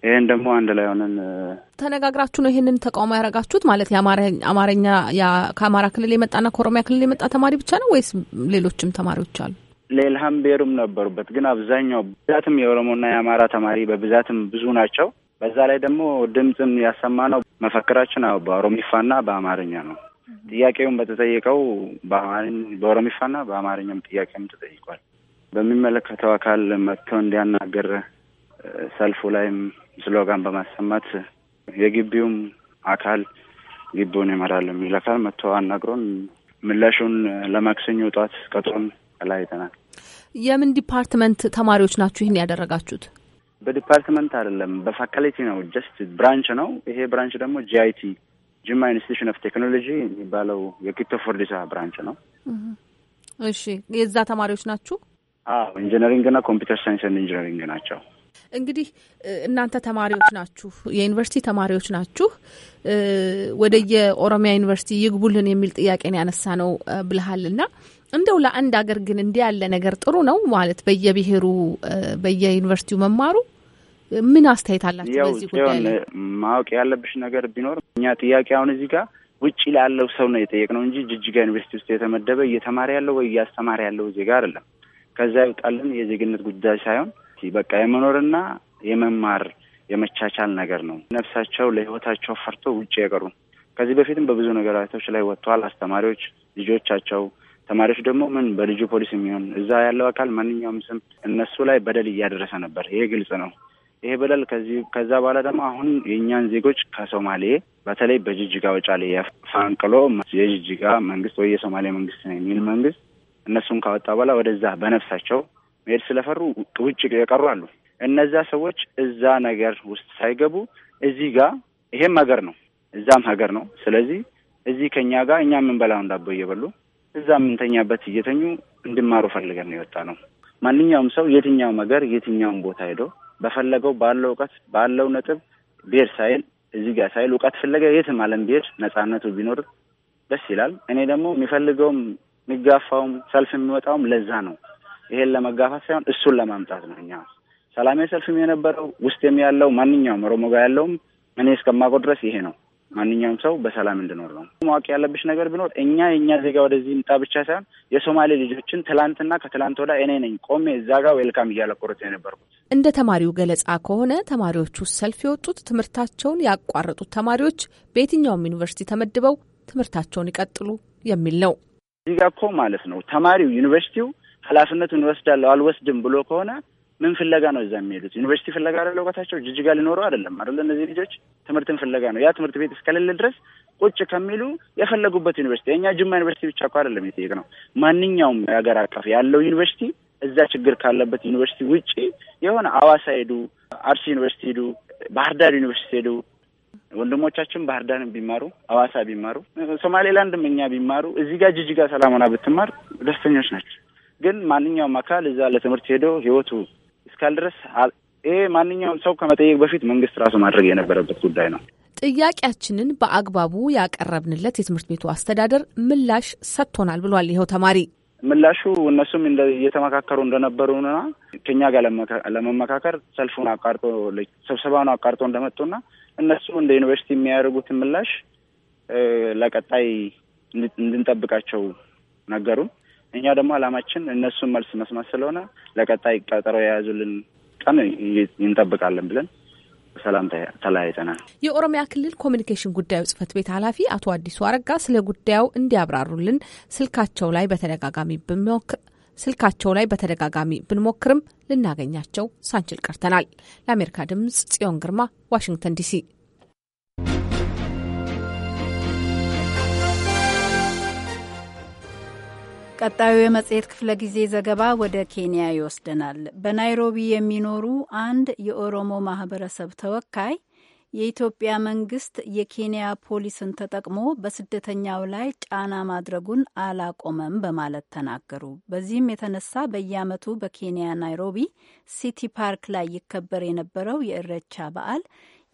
ይህን ደግሞ አንድ ላይ ሆነን ተነጋግራችሁ ነው ይህንን ተቃውሞ ያደረጋችሁት? ማለት የአማርኛ ከአማራ ክልል የመጣና ከኦሮሚያ ክልል የመጣ ተማሪ ብቻ ነው ወይስ ሌሎችም ተማሪዎች አሉ? ሌላም ብሔሩም ነበሩበት፣ ግን አብዛኛው ብዛትም የኦሮሞና የአማራ ተማሪ በብዛትም ብዙ ናቸው። በዛ ላይ ደግሞ ድምፅም ያሰማ ነው መፈክራችን በኦሮሚፋና በአማርኛ ነው። ጥያቄውም በተጠየቀው በኦሮሚፋና በአማርኛም ጥያቄም ተጠይቋል። በሚመለከተው አካል መጥቶ እንዲያናገር ሰልፉ ላይም ስሎጋን በማሰማት የግቢውም አካል ግቢውን ይመራል የሚል አካል መጥቶ አናግሮን ምላሹን ለማክሰኞ ጠዋት ቀጥሮን ተለያይተናል። የምን ዲፓርትመንት ተማሪዎች ናችሁ ይህን ያደረጋችሁት? በዲፓርትመንት አይደለም፣ በፋካልቲ ነው። ጀስት ብራንች ነው። ይሄ ብራንች ደግሞ ጂአይቲ ጅማ ኢንስቲቱሽን ኦፍ ቴክኖሎጂ የሚባለው የኪቶ ፎርዲሳ ብራንች ነው። እሺ፣ የዛ ተማሪዎች ናችሁ? አዎ፣ ኢንጂነሪንግ ኮምፒውተር ሳይንስ ኢንጂነሪንግ ናቸው። እንግዲህ እናንተ ተማሪዎች ናችሁ፣ የዩኒቨርሲቲ ተማሪዎች ናችሁ። ወደ የኦሮሚያ ዩኒቨርሲቲ ይግቡልን የሚል ጥያቄን ያነሳ ነው ብልሃል እና እንደው ለአንድ አገር ግን እንዲህ ያለ ነገር ጥሩ ነው ማለት በየብሔሩ በየዩኒቨርሲቲው መማሩ ምን አስተያየት አላችሁ? በዚህ ጉዳይ ማወቅ ያለብሽ ነገር ቢኖር እኛ ጥያቄ አሁን እዚህ ጋር ውጭ ላለው ሰው ነው የጠየቅነው እንጂ ጅጅጋ ዩኒቨርሲቲ ውስጥ የተመደበ እየተማረ ያለው ወይ እያስተማረ ያለው ዜጋ አይደለም። ከዛ ይውጣልን የዜግነት ጉዳይ ሳይሆን በቃ የመኖርና የመማር የመቻቻል ነገር ነው። ነፍሳቸው ለህይወታቸው ፈርቶ ውጭ የቀሩ ከዚህ በፊትም በብዙ ነገራቶች ላይ ወጥተዋል። አስተማሪዎች ልጆቻቸው፣ ተማሪዎች ደግሞ ምን በልጁ ፖሊስ የሚሆን እዛ ያለው አካል ማንኛውም ስም እነሱ ላይ በደል እያደረሰ ነበር። ይሄ ግልጽ ነው። ይሄ በደል ከዚህ ከዛ በኋላ ደግሞ አሁን የእኛን ዜጎች ከሶማሌ በተለይ በጅጅጋ ወጫሌ ፋንቅሎ የጅጅጋ መንግስት ወይ የሶማሌ መንግስት ነው የሚል መንግስት እነሱን ካወጣ በኋላ ወደዛ በነፍሳቸው መሄድ ስለፈሩ ውጭ የቀሩ አሉ። እነዛ ሰዎች እዛ ነገር ውስጥ ሳይገቡ እዚህ ጋር ይሄም ሀገር ነው፣ እዛም ሀገር ነው። ስለዚህ እዚህ ከኛ ጋር እኛ የምንበላውን ዳቦ እየበሉ እዛ የምንተኛበት እየተኙ እንድማሩ ፈልገን ነው የወጣ ነው። ማንኛውም ሰው የትኛውም ሀገር የትኛውም ቦታ ሄዶ በፈለገው ባለው እውቀት ባለው ነጥብ ብሄድ ሳይል እዚህ ጋር ሳይል እውቀት ፍለገ የትም ዓለም ብሄድ ነፃነቱ ቢኖር ደስ ይላል። እኔ ደግሞ የሚፈልገውም የሚጋፋውም ሰልፍ የሚወጣውም ለዛ ነው። ይሄን ለመጋፋት ሳይሆን እሱን ለማምጣት ነው። እኛ ሰላማዊ ሰልፍም የነበረው ውስጥም ያለው ማንኛውም ኦሮሞ ጋር ያለውም እኔ እስከማውቀው ድረስ ይሄ ነው። ማንኛውም ሰው በሰላም እንድኖር ነው ማወቅ ያለብሽ ነገር ቢኖር እኛ የእኛ ዜጋ ወደዚህ ምጣ ብቻ ሳይሆን የሶማሌ ልጆችን ትላንትና ከትላንት ወዳ እኔ ነኝ ቆሜ እዛ ጋር ዌልካም እያለቆረት የነበርኩት። እንደ ተማሪው ገለጻ ከሆነ ተማሪዎቹ ሰልፍ የወጡት ትምህርታቸውን ያቋረጡት ተማሪዎች በየትኛውም ዩኒቨርሲቲ ተመድበው ትምህርታቸውን ይቀጥሉ የሚል ነው። እዚህ ጋ እኮ ማለት ነው ተማሪው ዩኒቨርሲቲው ኃላፊነቱን እወስዳለሁ አልወስድም ብሎ ከሆነ ምን ፍለጋ ነው እዛ የሚሄዱት? ዩኒቨርሲቲ ፍለጋ አለ እውቀታቸው ጅጅጋ ሊኖረው አይደለም አደለ? እነዚህ ልጆች ትምህርትን ፍለጋ ነው። ያ ትምህርት ቤት እስከሌለ ድረስ ቁጭ ከሚሉ የፈለጉበት ዩኒቨርሲቲ የእኛ ጅማ ዩኒቨርሲቲ ብቻ እኮ አይደለም ነው። ማንኛውም የሀገር አቀፍ ያለው ዩኒቨርሲቲ እዛ ችግር ካለበት ዩኒቨርሲቲ ውጪ የሆነ አዋሳ ሄዱ፣ አርሲ ዩኒቨርሲቲ ሄዱ፣ ባህር ዳር ዩኒቨርሲቲ ሄዱ። ወንድሞቻችን ባህር ዳርን ቢማሩ አዋሳ ቢማሩ ሶማሌላንድም እኛ ቢማሩ እዚህ ጋር ጅጅጋ ሰላም ብትማር ደስተኞች ናቸው። ግን ማንኛውም አካል እዛ ለትምህርት ሄዶ ህይወቱ እስካል ድረስ ይሄ ማንኛውም ሰው ከመጠየቅ በፊት መንግስት ራሱ ማድረግ የነበረበት ጉዳይ ነው። ጥያቄያችንን በአግባቡ ያቀረብንለት የትምህርት ቤቱ አስተዳደር ምላሽ ሰጥቶናል ብሏል ይኸው ተማሪ። ምላሹ እነሱም እየተመካከሩ እንደነበሩና ከኛ ጋር ለመመካከር ሰልፉን አቃርጦ ስብሰባውን አቃርጦ እንደመጡና እነሱ እንደ ዩኒቨርሲቲ የሚያደርጉትን ምላሽ ለቀጣይ እንድንጠብቃቸው ነገሩን። እኛ ደግሞ አላማችን እነሱን መልስ መስማት ስለሆነ ለቀጣይ ቀጠሮ የያዙልን ቀን እንጠብቃለን ብለን ሰላም ተለያይተናል። የኦሮሚያ ክልል ኮሚኒኬሽን ጉዳዩ ጽህፈት ቤት ኃላፊ አቶ አዲሱ አረጋ ስለ ጉዳዩ እንዲያብራሩልን ስልካቸው ላይ በተደጋጋሚ ብንሞክር ስልካቸው ላይ በተደጋጋሚ ብንሞክርም ልናገኛቸው ሳንችል ቀርተናል። ለአሜሪካ ድምጽ ጽዮን ግርማ ዋሽንግተን ዲሲ ቀጣዩ የመጽሔት ክፍለ ጊዜ ዘገባ ወደ ኬንያ ይወስደናል። በናይሮቢ የሚኖሩ አንድ የኦሮሞ ማህበረሰብ ተወካይ የኢትዮጵያ መንግስት የኬንያ ፖሊስን ተጠቅሞ በስደተኛው ላይ ጫና ማድረጉን አላቆመም በማለት ተናገሩ። በዚህም የተነሳ በየዓመቱ በኬንያ ናይሮቢ ሲቲ ፓርክ ላይ ይከበር የነበረው የእረቻ በዓል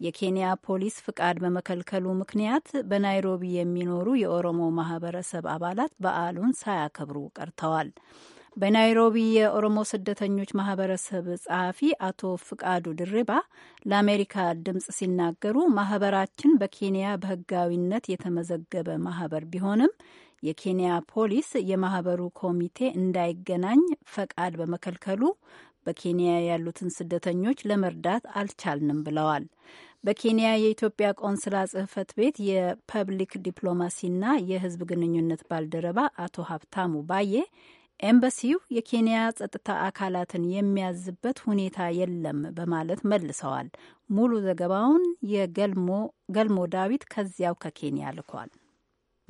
የኬንያ ፖሊስ ፍቃድ በመከልከሉ ምክንያት በናይሮቢ የሚኖሩ የኦሮሞ ማህበረሰብ አባላት በዓሉን ሳያከብሩ ቀርተዋል። በናይሮቢ የኦሮሞ ስደተኞች ማህበረሰብ ጸሐፊ አቶ ፍቃዱ ድርባ ለአሜሪካ ድምፅ ሲናገሩ ማህበራችን በኬንያ በህጋዊነት የተመዘገበ ማህበር ቢሆንም የኬንያ ፖሊስ የማህበሩ ኮሚቴ እንዳይገናኝ ፈቃድ በመከልከሉ በኬንያ ያሉትን ስደተኞች ለመርዳት አልቻልንም ብለዋል። በኬንያ የኢትዮጵያ ቆንስላ ጽህፈት ቤት የፐብሊክ ዲፕሎማሲና የህዝብ ግንኙነት ባልደረባ አቶ ሀብታሙ ባዬ ኤምባሲው የኬንያ ጸጥታ አካላትን የሚያዝበት ሁኔታ የለም በማለት መልሰዋል። ሙሉ ዘገባውን የገልሞ ዳዊት ከዚያው ከኬንያ ልኳል።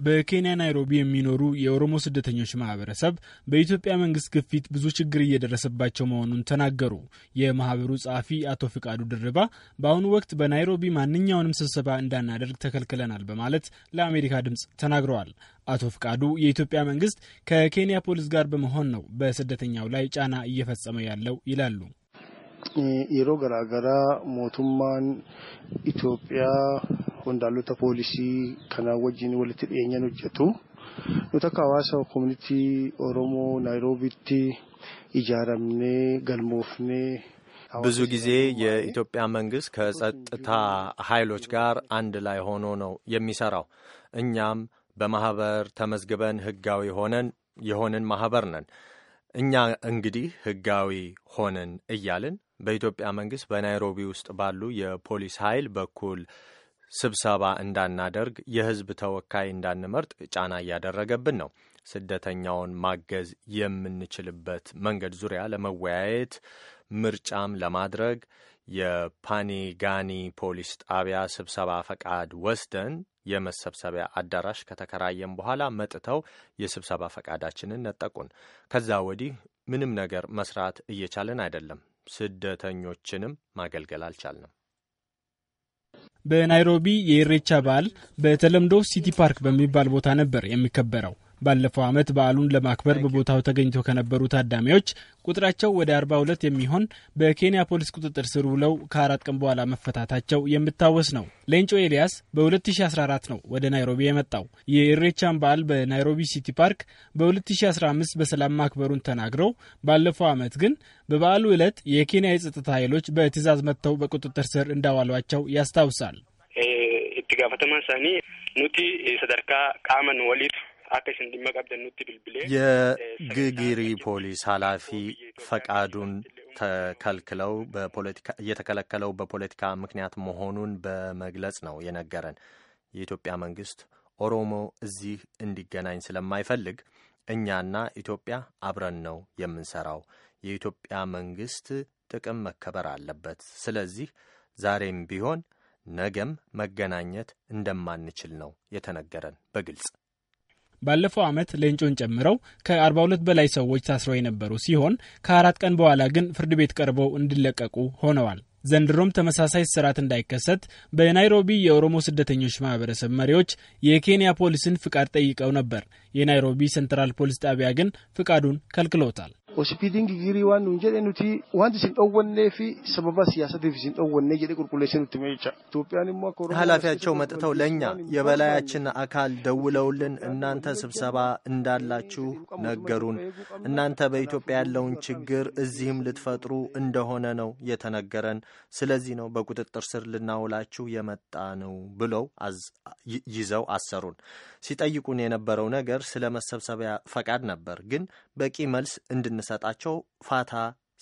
በኬንያ ናይሮቢ የሚኖሩ የኦሮሞ ስደተኞች ማህበረሰብ በኢትዮጵያ መንግስት ግፊት ብዙ ችግር እየደረሰባቸው መሆኑን ተናገሩ። የማህበሩ ጸሐፊ አቶ ፍቃዱ ድርባ በአሁኑ ወቅት በናይሮቢ ማንኛውንም ስብሰባ እንዳናደርግ ተከልክለናል በማለት ለአሜሪካ ድምፅ ተናግረዋል። አቶ ፍቃዱ የኢትዮጵያ መንግስት ከኬንያ ፖሊስ ጋር በመሆን ነው በስደተኛው ላይ ጫና እየፈጸመ ያለው ይላሉ። የሮ ገራገራ ሞቱማን ኢትዮጵያ qondaalota poolisii kanaa wajjin walitti dhiyeenyan hojjetu. Nuti akka hawaasa komunitii Oromoo Naayiroobiitti ijaaramnee galmoofnee. ብዙ ጊዜ የኢትዮጵያ መንግስት ከጸጥታ ኃይሎች ጋር አንድ ላይ ሆኖ ነው የሚሰራው። እኛም በማህበር ተመዝግበን ህጋዊ ሆነን የሆንን ማህበር ነን። እኛ እንግዲህ ህጋዊ ሆንን እያልን በኢትዮጵያ መንግስት በናይሮቢ ውስጥ ባሉ የፖሊስ ኃይል በኩል ስብሰባ እንዳናደርግ፣ የህዝብ ተወካይ እንዳንመርጥ ጫና እያደረገብን ነው። ስደተኛውን ማገዝ የምንችልበት መንገድ ዙሪያ ለመወያየት ምርጫም ለማድረግ የፓኒጋኒ ፖሊስ ጣቢያ ስብሰባ ፈቃድ ወስደን የመሰብሰቢያ አዳራሽ ከተከራየም በኋላ መጥተው የስብሰባ ፈቃዳችንን ነጠቁን። ከዛ ወዲህ ምንም ነገር መስራት እየቻለን አይደለም። ስደተኞችንም ማገልገል አልቻልንም። በናይሮቢ የኢሬቻ በዓል በተለምዶ ሲቲ ፓርክ በሚባል ቦታ ነበር የሚከበረው። ባለፈው ዓመት በዓሉን ለማክበር በቦታው ተገኝቶ ከነበሩ ታዳሚዎች ቁጥራቸው ወደ 42 የሚሆን በኬንያ ፖሊስ ቁጥጥር ስር ውለው ከአራት ቀን በኋላ መፈታታቸው የሚታወስ ነው። ሌንጮ ኤልያስ በ2014 ነው ወደ ናይሮቢ የመጣው። የኢሬቻን በዓል በናይሮቢ ሲቲ ፓርክ በ2015 በሰላም ማክበሩን ተናግረው ባለፈው ዓመት ግን በበዓሉ ዕለት የኬንያ የጸጥታ ኃይሎች በትዕዛዝ መጥተው በቁጥጥር ስር እንዳዋሏቸው ያስታውሳል። eh, itti gaafatamaan isaanii nuti eh, sadarkaa qaaman የግግሪ ፖሊስ ኃላፊ ፈቃዱን ተከልክለው በፖለቲካ እየተከለከለው በፖለቲካ ምክንያት መሆኑን በመግለጽ ነው የነገረን። የኢትዮጵያ መንግስት ኦሮሞ እዚህ እንዲገናኝ ስለማይፈልግ እኛና ኢትዮጵያ አብረን ነው የምንሰራው። የኢትዮጵያ መንግስት ጥቅም መከበር አለበት። ስለዚህ ዛሬም ቢሆን ነገም መገናኘት እንደማንችል ነው የተነገረን በግልጽ። ባለፈው ዓመት ሌንጮን ጨምረው ከ42 በላይ ሰዎች ታስረው የነበሩ ሲሆን ከአራት ቀን በኋላ ግን ፍርድ ቤት ቀርበው እንዲለቀቁ ሆነዋል። ዘንድሮም ተመሳሳይ ስርዓት እንዳይከሰት በናይሮቢ የኦሮሞ ስደተኞች ማህበረሰብ መሪዎች የኬንያ ፖሊስን ፍቃድ ጠይቀው ነበር። የናይሮቢ ሴንትራል ፖሊስ ጣቢያ ግን ፍቃዱን ከልክሎታል። OCPD'n gigirii waan nuun jedhe nuti wanti isin dhowwannee fi sababa siyaasatiif isin dhowwannee jedhe qulqulleessee nutti meecha ኢትዮጵያን immoo akka ኃላፊያቸው መጥተው ለእኛ የበላያችን አካል ደውለውልን እናንተ ስብሰባ እንዳላችሁ ነገሩን። እናንተ በኢትዮጵያ ያለውን ችግር እዚህም ልትፈጥሩ እንደሆነ ነው የተነገረን። ስለዚህ ነው በቁጥጥር ስር ልናውላችሁ የመጣ ነው ብለው ይዘው አሰሩን። ሲጠይቁን የነበረው ነገር ስለ መሰብሰቢያ ፈቃድ ነበር፣ ግን በቂ መልስ እንድንሰ ስንሰጣቸው ፋታ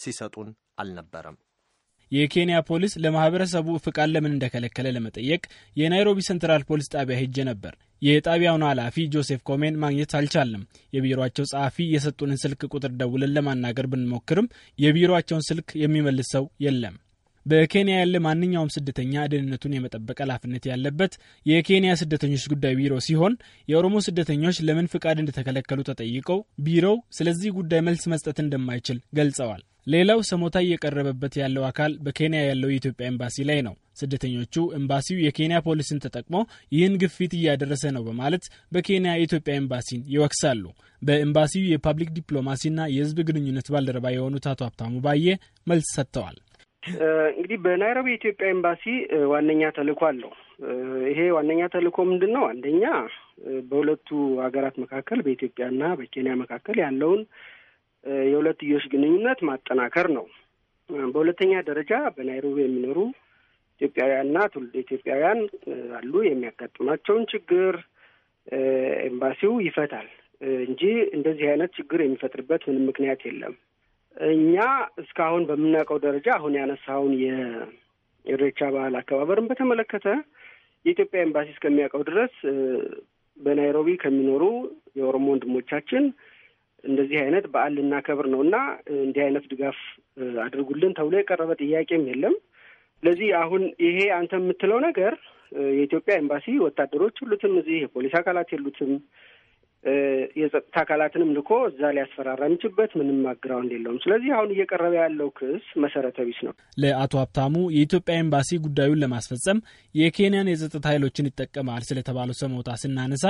ሲሰጡን አልነበረም። የኬንያ ፖሊስ ለማህበረሰቡ ፍቃድ ለምን እንደከለከለ ለመጠየቅ የናይሮቢ ሴንትራል ፖሊስ ጣቢያ ሄጄ ነበር። የጣቢያውን ኃላፊ ጆሴፍ ኮሜን ማግኘት አልቻለም። የቢሮቸው ጸሐፊ የሰጡንን ስልክ ቁጥር ደውለን ለማናገር ብንሞክርም የቢሮቸውን ስልክ የሚመልስ ሰው የለም። በኬንያ ያለ ማንኛውም ስደተኛ ደህንነቱን የመጠበቅ ኃላፊነት ያለበት የኬንያ ስደተኞች ጉዳይ ቢሮ ሲሆን የኦሮሞ ስደተኞች ለምን ፍቃድ እንደተከለከሉ ተጠይቀው ቢሮው ስለዚህ ጉዳይ መልስ መስጠት እንደማይችል ገልጸዋል። ሌላው ሰሞታ እየቀረበበት ያለው አካል በኬንያ ያለው የኢትዮጵያ ኤምባሲ ላይ ነው። ስደተኞቹ ኤምባሲው የኬንያ ፖሊስን ተጠቅሞ ይህን ግፊት እያደረሰ ነው በማለት በኬንያ የኢትዮጵያ ኤምባሲን ይወክሳሉ። በኤምባሲው የፓብሊክ ዲፕሎማሲና የህዝብ ግንኙነት ባልደረባ የሆኑት አቶ ሀብታሙ ባዬ መልስ ሰጥተዋል። እንግዲህ በናይሮቢ የኢትዮጵያ ኤምባሲ ዋነኛ ተልእኮ አለው። ይሄ ዋነኛ ተልእኮ ምንድን ነው? አንደኛ በሁለቱ ሀገራት መካከል በኢትዮጵያና በኬንያ መካከል ያለውን የሁለትዮሽ ግንኙነት ማጠናከር ነው። በሁለተኛ ደረጃ በናይሮቢ የሚኖሩ ኢትዮጵያውያንና ትውልደ ኢትዮጵያውያን አሉ። የሚያጋጥማቸውን ችግር ኤምባሲው ይፈታል እንጂ እንደዚህ አይነት ችግር የሚፈጥርበት ምንም ምክንያት የለም። እኛ እስካሁን በምናውቀው ደረጃ አሁን ያነሳውን የኢሬቻ በዓል አከባበርን በተመለከተ የኢትዮጵያ ኤምባሲ እስከሚያውቀው ድረስ በናይሮቢ ከሚኖሩ የኦሮሞ ወንድሞቻችን እንደዚህ አይነት በዓል ልናከብር ነው እና እንዲህ አይነት ድጋፍ አድርጉልን ተብሎ የቀረበ ጥያቄም የለም። ስለዚህ አሁን ይሄ አንተ የምትለው ነገር የኢትዮጵያ ኤምባሲ ወታደሮች የሉትም፣ እዚህ የፖሊስ አካላት የሉትም፣ የጸጥታ አካላትንም ልኮ እዛ ሊያስፈራራ የሚችበት ምንም ማግራውንድ የለውም። ስለዚህ አሁን እየቀረበ ያለው ክስ መሰረተ ቢስ ነው። ለአቶ ሀብታሙ የኢትዮጵያ ኤምባሲ ጉዳዩን ለማስፈጸም የኬንያን የጸጥታ ኃይሎችን ይጠቀማል ስለተባለው ሰሞታ ስናነሳ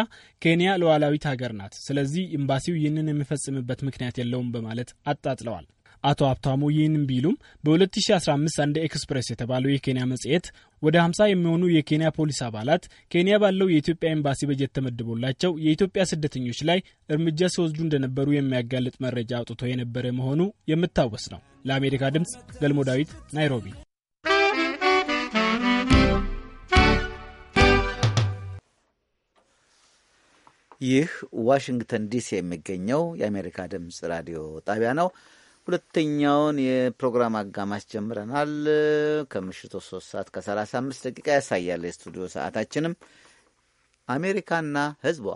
ኬንያ ሉዓላዊት ሀገር ናት። ስለዚህ ኤምባሲው ይህንን የሚፈጽምበት ምክንያት የለውም በማለት አጣጥለዋል። አቶ ሀብታሙ ይህንም ቢሉም በ2015 አንድ ኤክስፕሬስ የተባለው የኬንያ መጽሔት ወደ 50 የሚሆኑ የኬንያ ፖሊስ አባላት ኬንያ ባለው የኢትዮጵያ ኤምባሲ በጀት ተመድቦላቸው የኢትዮጵያ ስደተኞች ላይ እርምጃ ሲወስዱ እንደነበሩ የሚያጋልጥ መረጃ አውጥቶ የነበረ መሆኑ የምታወስ ነው። ለአሜሪካ ድምፅ ገልሞ ዳዊት ናይሮቢ። ይህ ዋሽንግተን ዲሲ የሚገኘው የአሜሪካ ድምፅ ራዲዮ ጣቢያ ነው። ሁለተኛውን የፕሮግራም አጋማሽ ጀምረናል። ከምሽቱ ሶስት ሰዓት ከሰላሳ አምስት ደቂቃ ያሳያል የስቱዲዮ ሰዓታችንም። አሜሪካና ህዝቧ